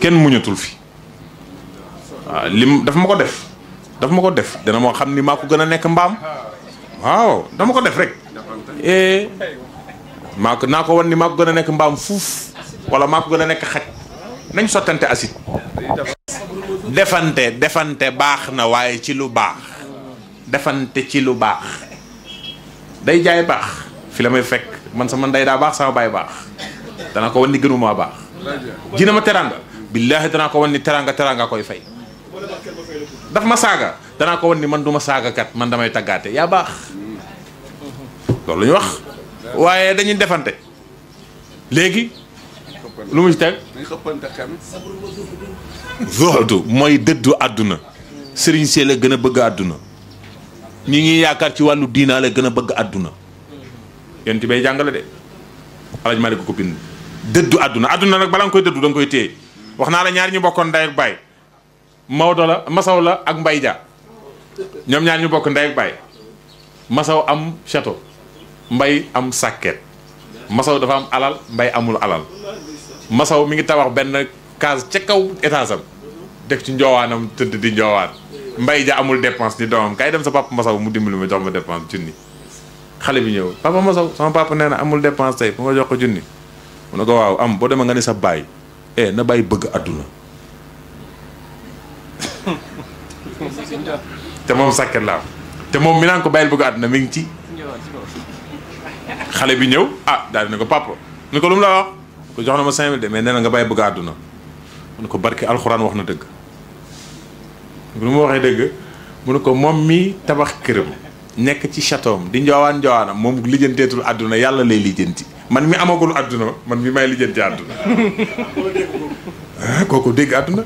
kenn muñatul fi waaw ah, lim daf ma ko def daf ma ko def dana moo xam ni ma ko gën a nekk mbaam waaw dama ko def rek eh maa ko naa ko wan ni maa ko gën a nekk mbaam fuuf wala maa ko gën a nekk xaj nañ sottante acide defante defante baax na waaye ci lu baax defante ci lu baax day jaay baax fii la may fekk man sama ndey daa baax sama baay baax danaa ko wan ni gënumaa baax dina ma teranga billaahi danaa ko wan ni teranga teranga koy fay daf ma saaga danaa ko wan ni man duma ma saaga kat man damay taggaate yaa baax loolu la ñu wax waaye dañuy defante léegi lu mu ci teg zuhdu mooy dëddu àdduna sëriñ see la gën a bëgg àdduna ñi ngi yaakaar ci wàllu diinaa la gën a bëgg àdduna yéen ci bay jàngale de alaaj Maalik ko bind dëddu àdduna àdduna rek balaa nga koy dëddu da koy téye wax naa la ñaar ñu bokkoon ndey ak baay Maodo la Masaw la ak Mbay Ja ñoom ñaar ñu bokk ndey ak baay Masaw am château Mbay am sàkket Masaw dafa am alal Mbay amul alal masow mi ngi tabax benn kaas ca kaw étage am def ci njoowaanam tëdd di njoowaan mbay jaa amul dépense ni doomam kay dem sa ma Masaw mu dimbali ma jox ma dépense junni xale bi ñëw ma Masaw sama papa nee na amul dépense tey bu ma jox ko junni mu ne ko waaw am boo demee nga ne sa baay eh, na bàyyi bëgg àdduna te moom sàkket la te moom mi naan ko bàyyil bëgg àdduna mi ngi ci xale bi ñëw ah daal di ne ko papa ni ko lu mu la wax ko jox na ma 5000 de mais nee na nga bàyyi bëgg àdduna mu ne ko barke alxuraan wax na dëgg bu ma waxee dëgg mu ne ko moom mi tabax këram nekk ci château di njoowaan njoowaanam moom lijjanteetul àdduna yàlla lay lijjanti man mi amagul àdduna man mi may lijjanti àdduna ah, kooku dégg àdduna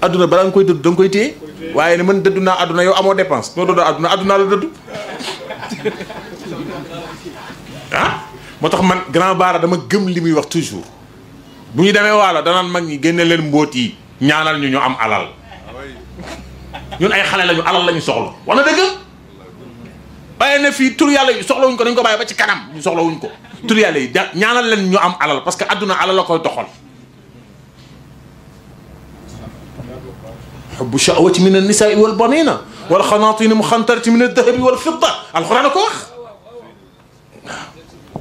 àdduna ba nga koy dëdd da koy téye waaye ne man dëddu naa àdduna yow amoo dépense noo dëddoo àdduna àdduna la dëddu ah moo tax man grand baara dama gëm li muy wax toujours bu ñu demee waalo danaan mag ñi génne leen mbóot yi ñaanal ñu ñu am alal ñun ay xale lañu alal lañu soxla wala dëgg bàyyi na fii tur yàlla yi soxlawuñ ko dañ ko bàyyi ba ci kanam ñu soxlawuñ ko tur yàlla yi ñaanal leen ñu am alala parce que àdduna alal la koy doxal xubbu shahwati min annisaai wal banina wal xanaatini muxantarati min addahabi wal fidda alxuraan a ko wax waaw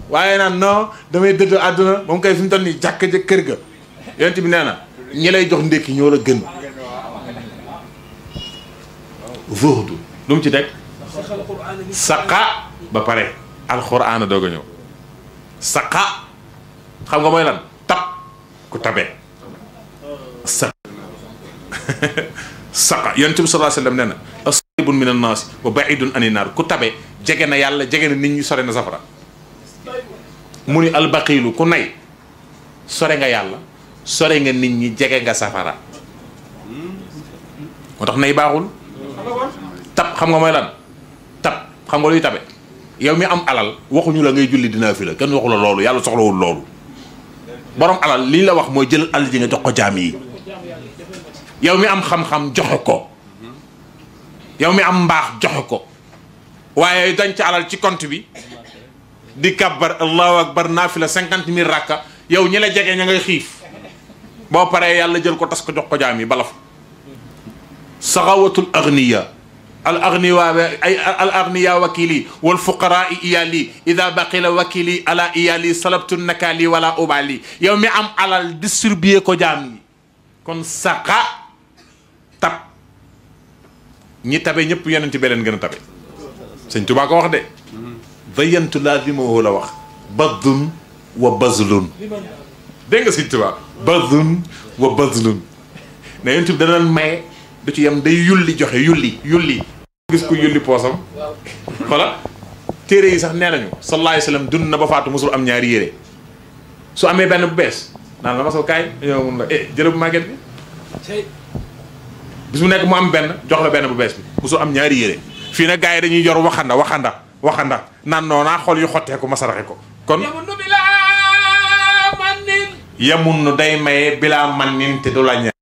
waaye naan non damay dëdd àdduna moom kay fi mu toll jàkk ja kër ga bi nee na lay jox ndékki ñoo la gën zuhdu lu mu ci teg saqa ba pare alxuraan doog a ñëw saqa xam nga mooy lan tab ku tabee sa saqa yonent bi sallallahu alayhi wasallam nee na asribun min annaas wa baidun ani naar jege na yàlla jege nit ñi sore na safara mu ni albaqiilu ku nay sore nga yàlla sore nga nit ñi jege nga safara moo tax nay baaxul tab xam nga mooy lan tab xam nga luy tabe yow mi am alal waxuñu la ngay julli dinaa fi kenn waxu la loolu yàlla soxlawul loolu borom alal lii la wax mooy jël alal ji nga jox ko jaam yi yow mi am xam-xam joxe ko yow mi am mbaax joxe ko waaye dañ ci alal ci compte bi di kabbar allahu akbar naafila cinquante mille rakka yow ñi la jegee ña ngay xiif boo paree yàlla jël ko tas ko jox ko jaam yi balaf saxawatul agniya al agniya wakili wal iyali ida salabtu nakali wala ubali yow mi am alal distribuer ko jaam ñi kon saqa tab ñi tabe ñëpp yonent bi leen gën a tabe sëñ Tuubaa ko wax de dayantu laazimahu la wax badun wa bazlun dégg nga sëñ Tuubaa badun wa bazlun ne du ci yem day yulli joxe yulli yulli gis ku yulli poosam voilà téere yi sax nee nañu sallallahu alayhi dund na ba faatu mosul am ñaari yére su amee benn bu bees naan la ma sol kaay ñoo eh, jëla bu màgget bi bis mu nekk mu am benn jox la benn bu bees bi mosul am ñaari yére fii nag gars yi dañuy yor waxanda waxanda waxanda naan noonaa xol yu xottee ko ma saraxe ko kon yamun nu day maye bilaa man nin te du la ñaan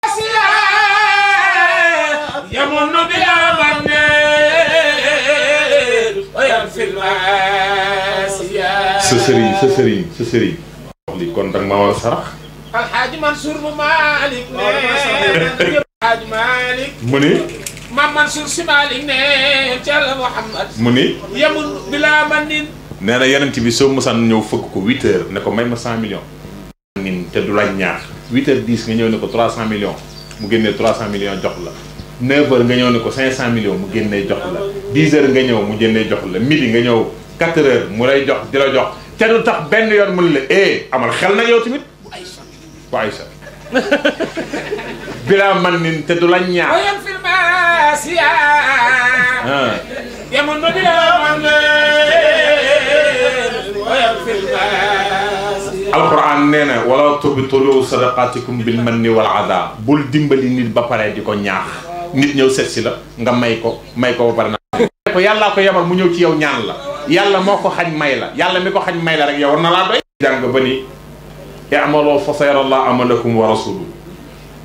sa sëriñ sa sëriñ sa sëriñ wax li kon danga ma war sarax alxaaji Mansour mu Malick ne alxaaji Malick mu ni mam Mansour si Malick ne Thiel Mouhamad mu ni yemul bilaa man nin nee na bi soo mosaan ñëw fëgg ko huit ne ko may ma cent millions nin te du la ñaax huit heures dix nga ñëw ne ko trois cent millions mu génnee trois cent million jox la neuf heures nga ñëw ne ko cinq cent millions mu génnee jox la dix heures nga ñëw mu génnee jox la midi nga ñëw quatre mu lay jox di la jox te du tax benn yoon mun la eh amal xel na yow tamit waay sa bilaa man nin te du la ñaax wayan filmasiya yamun nu bilaa man wayan filmasiya alquran nee na wala tubtilu sadaqatikum bil manni wal ada bul dimbali nit ba pare di ko ñaax nit ñëw seet si la nga may ko may ko ba pare na ko yàllaa ko yamal mu ñëw ci yow ñaan la yàlla moo ko xañ may la yàlla mi ko xañ may la rek yow war na laa doy jàng ba ni amaloo fa sayara amalakum wa rasuluhu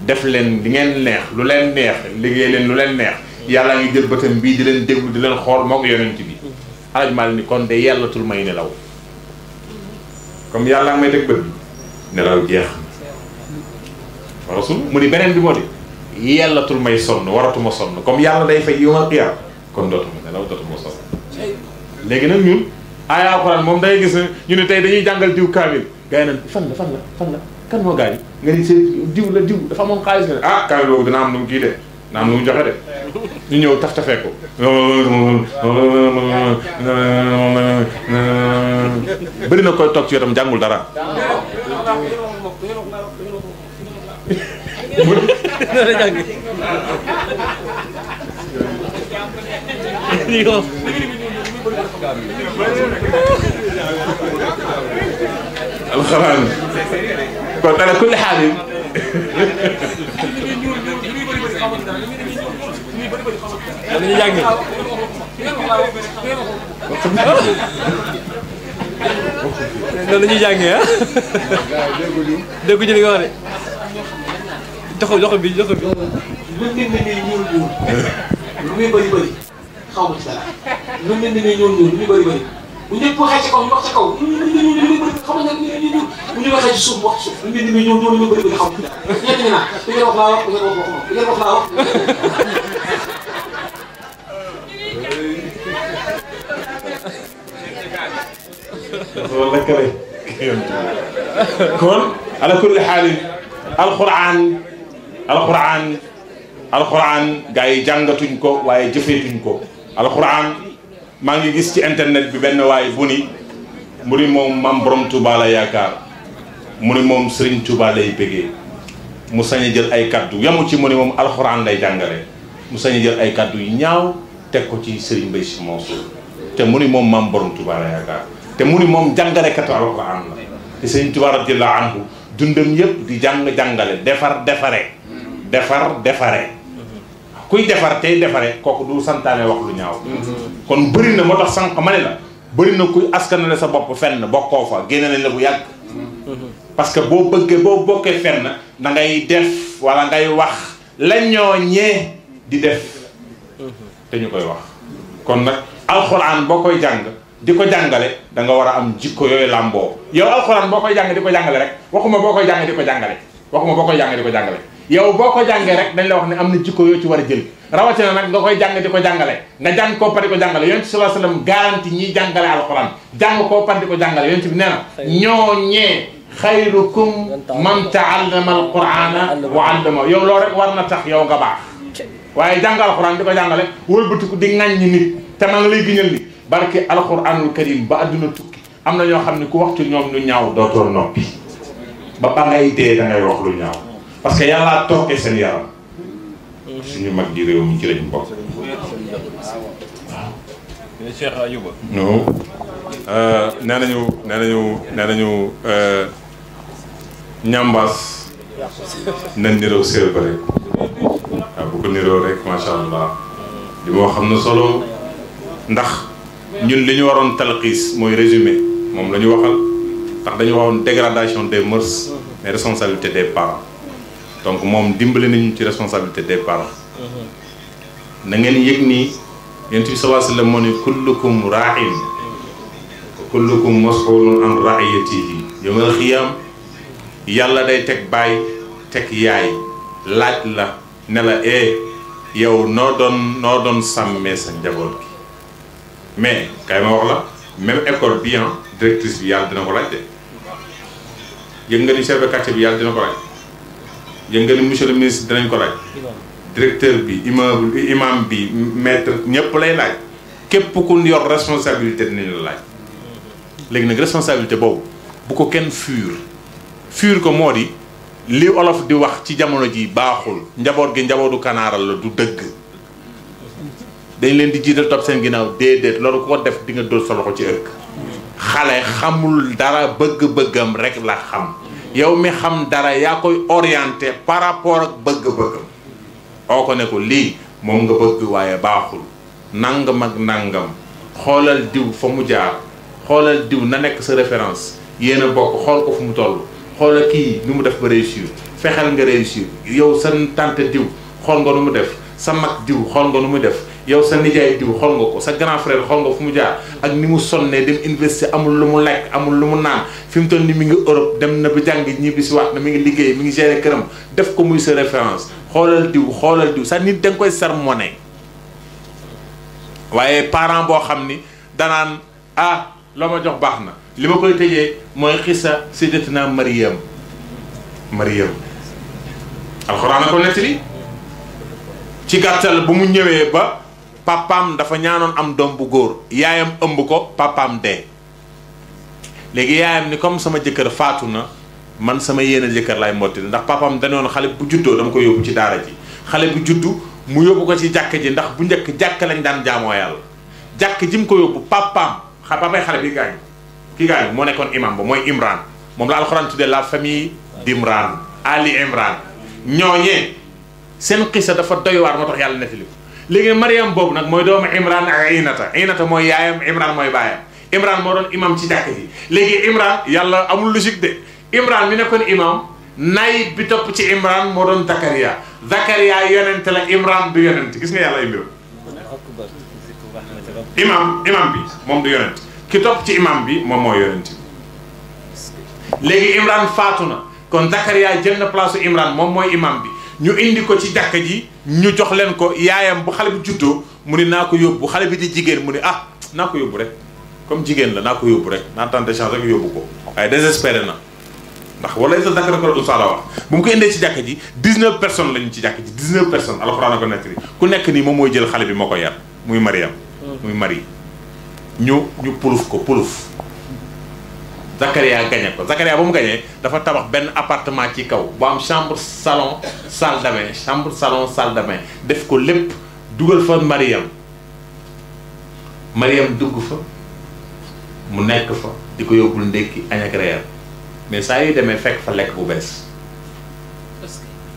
def leen li ngeen neex lu leen neex liggéey leen lu leen neex yàlla ngi jël bëtam bii di leen déglu di leen xool moo ko yonent bi alaj mal ni kon de yàllatul may nelaw comme yàlla may teg bët nelaw jeex mu ni beneen bi moo di yàllatul may sonn waratuma sonn comme yàlla day fay yomal qiyaam kon dootuma nelaw dootuma sonn léegi na ñun aaya alxuraan moom day gis ñu ne dañuy jàngal diw kaamil gars yi naan fan la fan la fan la kan moo gaañ diw la diw dafa amoon xaalis nga ne ah, kaamil boobu dina am lu mu kii ko bëri na koy toog ci yotam jàngul dara alxuraan kon ala kulli xaal yi dañuy jàngi loolu la ñuy jàngee ah. déggu ñu li nga wax de. joxo joxo bi joxo bi. lu nit ñi ñuul ñuul. lu muy bëri bëri xaw ma ci dara. lu mel ni ne ñoom ñoom ñu bëri bëri bu njëkk bu waxee ci kaw ñu wax ci kaw ñu ñu ñu ñu ñu bëri xam nga ñu ñu ñu bu ñu waxee ci suuf wax ci suuf lu mel ni ne ñoom ñoom ñu bëri bëri xam ñett ñi naa ku ngeen wax laa wax ku ngeen wax waxuma ku ngeen wax laa wax loolu la kare kon ala kulli xaalin alquran alquran alquran gars yi jàngatuñ ko waaye jëfeetuñ ko alquran maa ngi gis ci internet bi benn waay bu ni mu ni moom maam borom Touba la yaakaar mu ni moom Serigne Touba lay bëggee mu sañ jël ay kaddu yamu ci mu ni moom alxuraan lay jàngale mu sañ jël ay kaddu yu ñaaw teg ko ci Serigne Mbaye Sy Mansour te mu ni moom maam borom Touba la yaakaar te mu ni moom jàngalekatu alxuraan la te Serigne Touba radiyallahu anhu dundam yëpp di jàng jàngale defar defare defar defare kuy defar tey defare kooku du santaane wax lu ñaaw kon bëri na moo tax sànq ma ne la bëri na kuy askanale sa bopp fenn bokkoo fa génne nañ la bu yàgg parce que boo bëggee boo bokkee fenn da ngay def wala ngay wax la ñooñee di def te ñu koy wax kon nag alxuraan boo koy jàng di ko jàngale da nga war a am jikko yooyu làmboo yow alxuraan boo koy jàng di ko jàngale rek waxuma boo koy jàng di ko jàngale waxuma boo koy jàng di ko jàngale yow boo ko jàngee rek dañ la wax ne am na jikko yoo ci war a jël rawatina nag nga koy jàng di ko jàngale nga jàng koo par di ko jàngale yonent bi sallallahu alayhi wasallam garanti ñiy jàngale alquran jàng koo par di ko jàngale yonent bi nee na ñooñee xayrukum man taallama alqurana wa allama yow loolu rek na tax yow nga baax waaye jàng alquran di ko jàngale wëlbatiku di ŋàññi nit te maa ngi lay giñal li barke alquranul karim ba adduna tukki am na ñoo xam ne ku waxtu ñoom lu ñaaw dootoo noppi ba ba ngay dee da wax lu ñaaw parce que yàllaa tooke seen yaram suñu mag ji réew mi ci lañ bokk waaw Cheikh Ayouba non euh, nee nañu nee nañu nee nañu euh, ñambaas niroo séer ba ah, bu ko niroo rek macha allah li moo xam na solo ndax ñun li ñu waroon talxiis mooy résumé moom la ñu waxal ndax dañu waxoon dégradation des mœurs mais responsabilité des parents donc moom dimbale nañu ci responsabilité des parents mm-hmm. na ngeen yëg nii yonent bi sallallahu alayhi wa sallam moo ne kullukum ra'in kullukum mas'ulun an ra'iyatihi yawmal xiyaam yàlla day teg baay teg yaay laaj la ne la ee eh, yow noo doon noo doon sàmmee sa njaboot gi mais kay ma wax la même école bi ah, directrice bi yàlla dina ko laaj de yëg nga ni chef de quartier bi yàlla dina ko laaj yëg nga monsieur le ministre dinañ ko laaj directeur bi immeuble imam bi maître ñépp lay laaj képp ku yor responsabilité dinañ la laaj léegi nag responsabilité boobu bu ko kenn fuur fuur ko moo di li olof di wax ci jamono ji baaxul njaboot gi njabootu kanaaral la du dëgg dañ leen di jiital topp seen ginnaaw déedéet loolu ko def di nga dóor sa loxo ci ëkk xale xamul dara bëgg-bëggam rek la xam yow mi xam dara yaa koy orienté par rapport ak bëgg-bëggam oo ko ne ko lii moom nga bëgg waaye baaxul nangam ak nangam xoolal diw fa mu jaar xoolal diw na nekk sa référence yéen a bokk xool ko fu mu toll xoolal kii nu mu def ba réussir fexeel nga réussir yow sa tante diw xool nga nu mu def sa mag diw xool nga nu mu def yow sa nijaay diw xool nga ko sa grand frère xool nga fu mu jaar ak ni mu sonnee dem investir amul lu mu lekk amul lu mu naan fi mu toll ni mi ngi Europe dem na ba jàngi ñibbi si na mi ngi liggéey mu ngi gérer këram def ko muy sa référence xoolal diw xoolal diw sa nit da nga koy sermonné waaye parent boo xam ni danaan ah loo ma jox baax na li ma koy tëjee mooy xisa sayyidatina Maryam Maryam alxuraan a ko nettali ci gàttal bu mu ñëwee ba papaam dafa ñaanoon am doom bu góor yaayam ëmb ko papaam de léegi yaayam ni comme sama jëkkër faatu na man sama yéene jëkkër lay motti ndax papaam danoon xale bu juddoo dama ko yóbbu ci daara ji xale bu juddu mu yóbbu ko ci jàkk ji ndax bu njëkk jàkk lañ daan jaamoo yàlla jàkk ji mu ko yóbbu papaam xa papay xale bi gaañu ki gaañu moo nekkoon imam ba mooy Imran moom la alxuraan tuddee la famille d'Imran Ali Imran ñooñee seen xisa dafa doy waar moo tax yàlla nettali ko léegi Mariam boobu nag mooy doom Imran ak Inata Inata mooy yaayam baayam Imran moo doon imam ci jàkk ji léegi Imran yàlla amul logique de Imran mi nekkoon imam nay bi topp ci Imran moo doon Zakaria Zakaria yonent la Imran du yonent gis nga yàlla ay imam imam bi moom du yonent ki topp ci imam bi moom moo yonent léegi na kon Zakaria jël na place moom mooy imam bi ñu indi ko ci jàkka ji ñu jox leen ko yaayam bu xale bi juddoo mu ni naa ko yóbbu xale bi di jigéen mu ni ah naa ko yóbbu rek comme jigéen la naa ko yóbbu rek naa tenté chance rek yóbbu ko waaye désespéré na ndax wala sa dakk rek la ustaala wax bu mu ko indee ci jàkka ji 19 personnes lañu ci jàkka ji 19 personnes alxuraan a ko nekk ku nekk nii moom mooy jël xale bi moo ko yar muy Mariam mm. muy mari ñu ñu puluf ko puluf Zakaria gañe ko Zakaria ba mu gañee dafa tabax benn apartement ci kaw bu am chambre salon salle de bain chambre salon salle def ko lépp dugal fa Mariam Mariam dugg fa mu nekk fa di ko yóbbul ndékki añ ak reer mais saa yu demee fekk fa lekk bu bees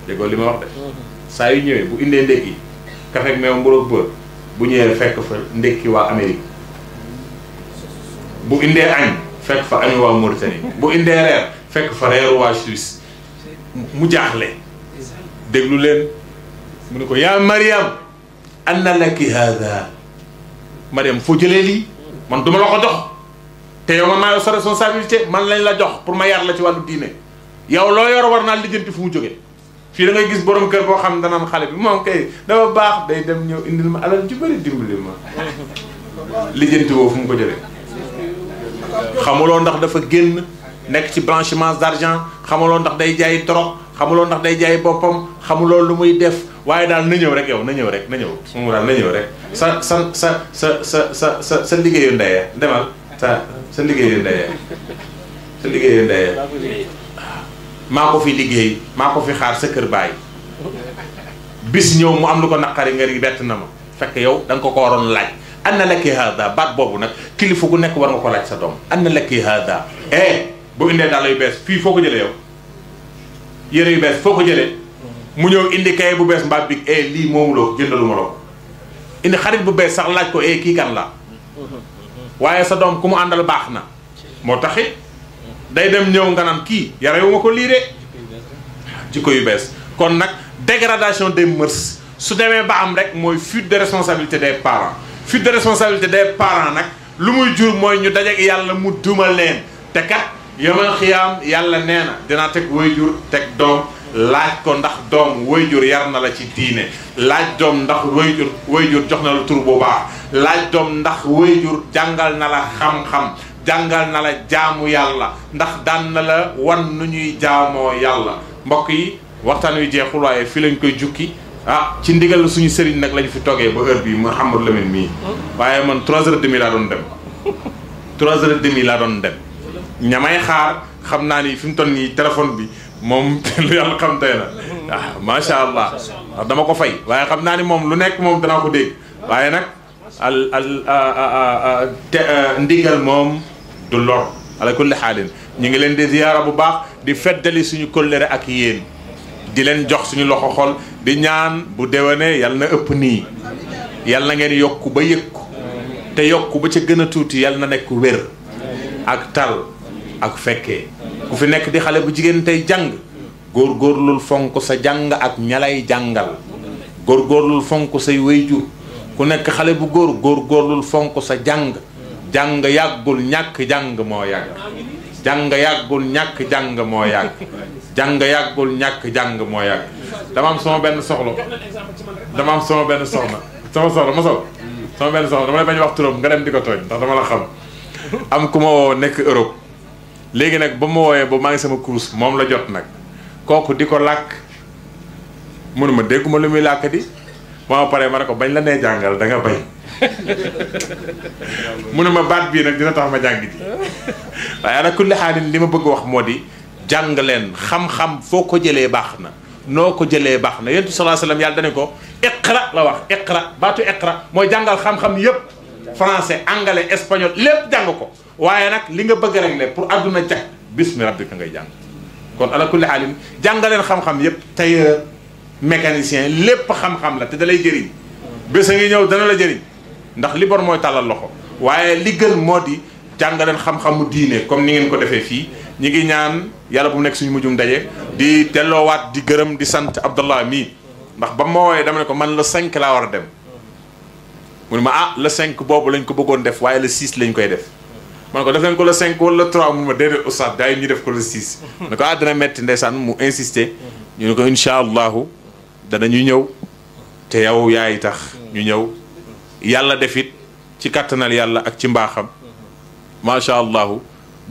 déggoo li ma wax de saa yu ñëwee bu indee ndékki kafe ak meew mburoog bër bu ñëwee fekk fa ndékki waa Amérique bu indee añ fekk fa añu waa Mauritanie bu indee reer fekk fa reeru waa Suisse mu jaaxle déglu leen mu ne ko yaa Mariam anna laki haada Mariam foo jëlee lii man duma la ko jox te yow man maa soo sa responsabilité man lañ la jox pour ma yar la ci wàllu diine yow loo yor war naa lijjanti fu mu jóge fii da gis borom kër boo xam ne danaan xale bi moom kay dafa baax day dem ñëw indil ma alal ju bëri dimbali ma lijjanti woo fu mu ko jëlee xamuloo ndax dafa génn nekk ci blanchiment d'argent xamuloo ndax day jaay drogue xamuloo ndax day jaay boppam xamuloo lu muy def waaye daal na ñëw rek yow na ñëw rek na ñëw mu daal na ñëw rek sa sa sa sa sa sa sa sa liggéeyu ndeyee demal sa sa liggéeyu ndeyee sa liggéeyu ndeyee maa ko fi liggéey maa ko fi xaar sa kër bàyyi bis ñëw mu am lu ko naqari nga bett na ma fekk yow da ko ko waroon laaj am na lekki haada baat boobu nag kilifa ku nekk war nga ko laaj sa doom am na lekki haada eh bu indee dàll yu bees fii foo ko jëlee yow yére yu bees foo ko jëlee mu ñëw indi kay bu bees mbaa big eh, lii moomuloo jëndaluma la ko indi xarit bu bees sax laaj ko eh kii kan la waaye sa doom ku mu àndal baax na moo taxit day dem ñëw nga naan kii yarewuma ko lii de jikko yu bees kon nag dégradation de mœurs su demee ba am rek mooy fuite de responsabilité des parents fuite de responsabilité des parents nag lu muy jur mooy ñu dajeek yàlla mu duma leen te kat yomal xiyaam yàlla neena dina dinaa teg wayjur teg doom laaj ko ndax doom wayjur yar na la ci diine laaj doom ndax wayjur wayjur jox na la tur bu baax laaj doom ndax wayjur jàngal na la xam-xam jàngal na la jaamu yàlla ndax daan na la wan nu ñuy jaamoo yàlla mbokk yi waxtaan wi jeexul waaye fii lañ koy jukki ah ci ndigal suñu seriñ nag lañu fi toogee ba bi bii Mouhamadou Lamine mii waaye man trois heures demi laa doon dem laa doon dem ñamay xaar xam naa ni fi mu toll nii téléphone bi moom lu yàlla xam tey na ah, ah dama ko fay waaye xam naa ni moom lu nekk moom danaa ko dégg waaye nag ndigal moom du lor ala kulli xaalin ñu ngi leen di ziyaara bu baax di feddali suñu kóllëre ak yéen di leen jox suñu loxo xol di ñaan bu déwénee yal na ëpp nii yal na ngeen yokk ba yëg ko te yokk ba ca gëna tuuti yal na nekk wér ak tal ak fekkee ku fi nekk di xale bu jigéen tey jàng góor góorgóorlul fonk sa jàng ak ñalay jàngal góorgóorlul fonk say wéyjur ku nekk xale bu góor góor góorgóorlul fonk sa jàng jàng yàggul ñàkk jàng jàng yàggul ñàkk jàng moo yàgg jàng yàggul ñàkk jàng moo yàgg dama am sama benn soxla dama am sama benn soxna sama soxla ma sol sama benn soxla dama lay bañ wax turam nga dem di ko tooñ ndax dama la xam am ku ma woo nekk Europe léegi nag ba ma wooyee ba maa ngi sama course moom la jot nag kooku di ko làkk mënuma dégguma lu muy làkk di ba ma paree ma ne ko bañ la nee jàngal da nga bañ mënuma baat bii nag dina tax ma jàng ji waaye ala kulli xaalin li ma bëgg wax moo di jàng leen xam-xam foo ko jëlee baax na noo ko jëlee baax na yonent bi sallallahu alayhi yàlla dane ko iqra la wax iqra baatu iqra mooy jàngal xam-xam yépp français anglais espagnol lépp jàng ko waaye nag li nga bëgg rek le pour adduna jag bismi rabbika ngay jàng kon ala kulli haalin jàngaleen xam-xam yépp tailleur mécanicien lépp xam-xam la te da lay jëriñ bés a ngi ñëw dana la jëriñ ndax li bor mooy tàllal loxo waaye li gën moo di jàngaleen xam-xamu comme ni ngeen ko defee fii ñi ngi ñaan yàlla bu mu nekk suñu mujjum daje di delloowaat di gërëm di sant Abdallah mii ndax ba ma woowee dama ne ko man la cinq laa war a dem mu ne ma ah le cinq boobu lañ ko bëggoon def waaye le 6 lañ koy def ma ne ko def nañ ko la 5 wala le 3 mu ne ma déedéet oustaz def ko le 6. ne ko ah metti ndeysaan mu insister ñu ne ko incha allahu danañu ñëw te yow yaay tax ñu ñëw yàlla defit ci kattanal yàlla ak ci mbaaxam macha allahu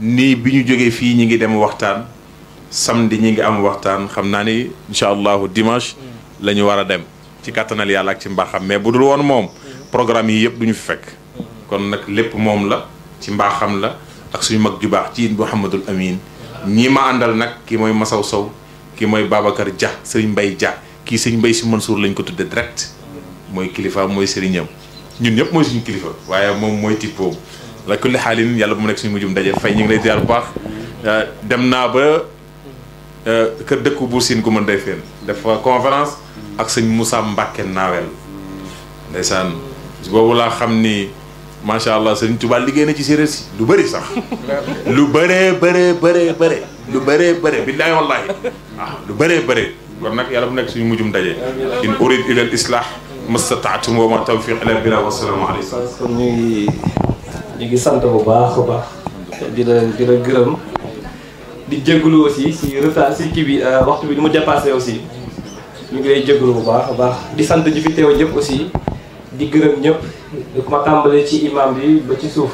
nii bi ñu jógee fii ñi ngi dem waxtaan samedi ñi ngi am waxtaan xam naa ni incha allahu dimanche mm. la ñu war a dem ci kàttanal yàlla ak ci mbaaxam mais bu dul woon moom mm. programme yi yëpp du ñu fi fekk mm. kon nag lépp moom la ci mbaaxam la ak suñu mag ju baax ci Mouhamadul Amin ñii ma àndal nag ki mooy Masaw Sow ki mooy Babacar ja sëriñ Mbay Dia kii sëriñ Mbay si Mansour lañ ko tudde direct mooy kilifa mooy sëriñam ñun ñëpp mooy suñu kilifa waaye moom mooy la kulli xaalin yàlla bu mu nekk suñu mujjum daje fay ñu ngi lay ziar bu baax euh, dem naa ba euh, kër dëkku buur siin gu mën day feen dafa conférence ak sëñ Moussa Mbacke naawel ndeysaan boobu laa xam ni macha allah sëñ Tuubaa liggéey na ci séeréer si lu bëri sax lu bëree bëree bëree bëree lu bëree bëree billaahi wallaahi waaw ah, lu bëree bëree kon nag yàlla bu nekk suñu mujjum daje in urid ila al islah mastataatum wa ma tawfiq ila billah wasalaamu aleykum ñu ngi sant bu baax a baax di la di la gërëm di jégalu aussi si retard si kii euh, waxtu bi ni mu dépassé aussi ñu ngi lay jégalu bu baax a baax di sant ñu fi teew ñëpp aussi di gërëm ñëpp di ma tàmbalee ci imam bi ba ci suuf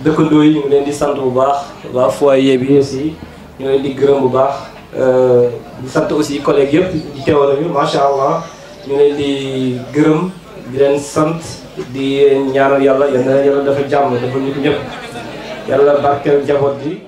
dëkkandoo yi ñu ngi leen di sant bu baax waa foyer bi aussi ñu leen di gërëm bu baax euh, di sant aussi collègues yëpp di teewal nañu macha allah ñu leen di gërëm di leen sant. di ñaanal yàlla yal na yàlla dafa jàmm dafa nit ñëpp yàlla barkeel njaboot bi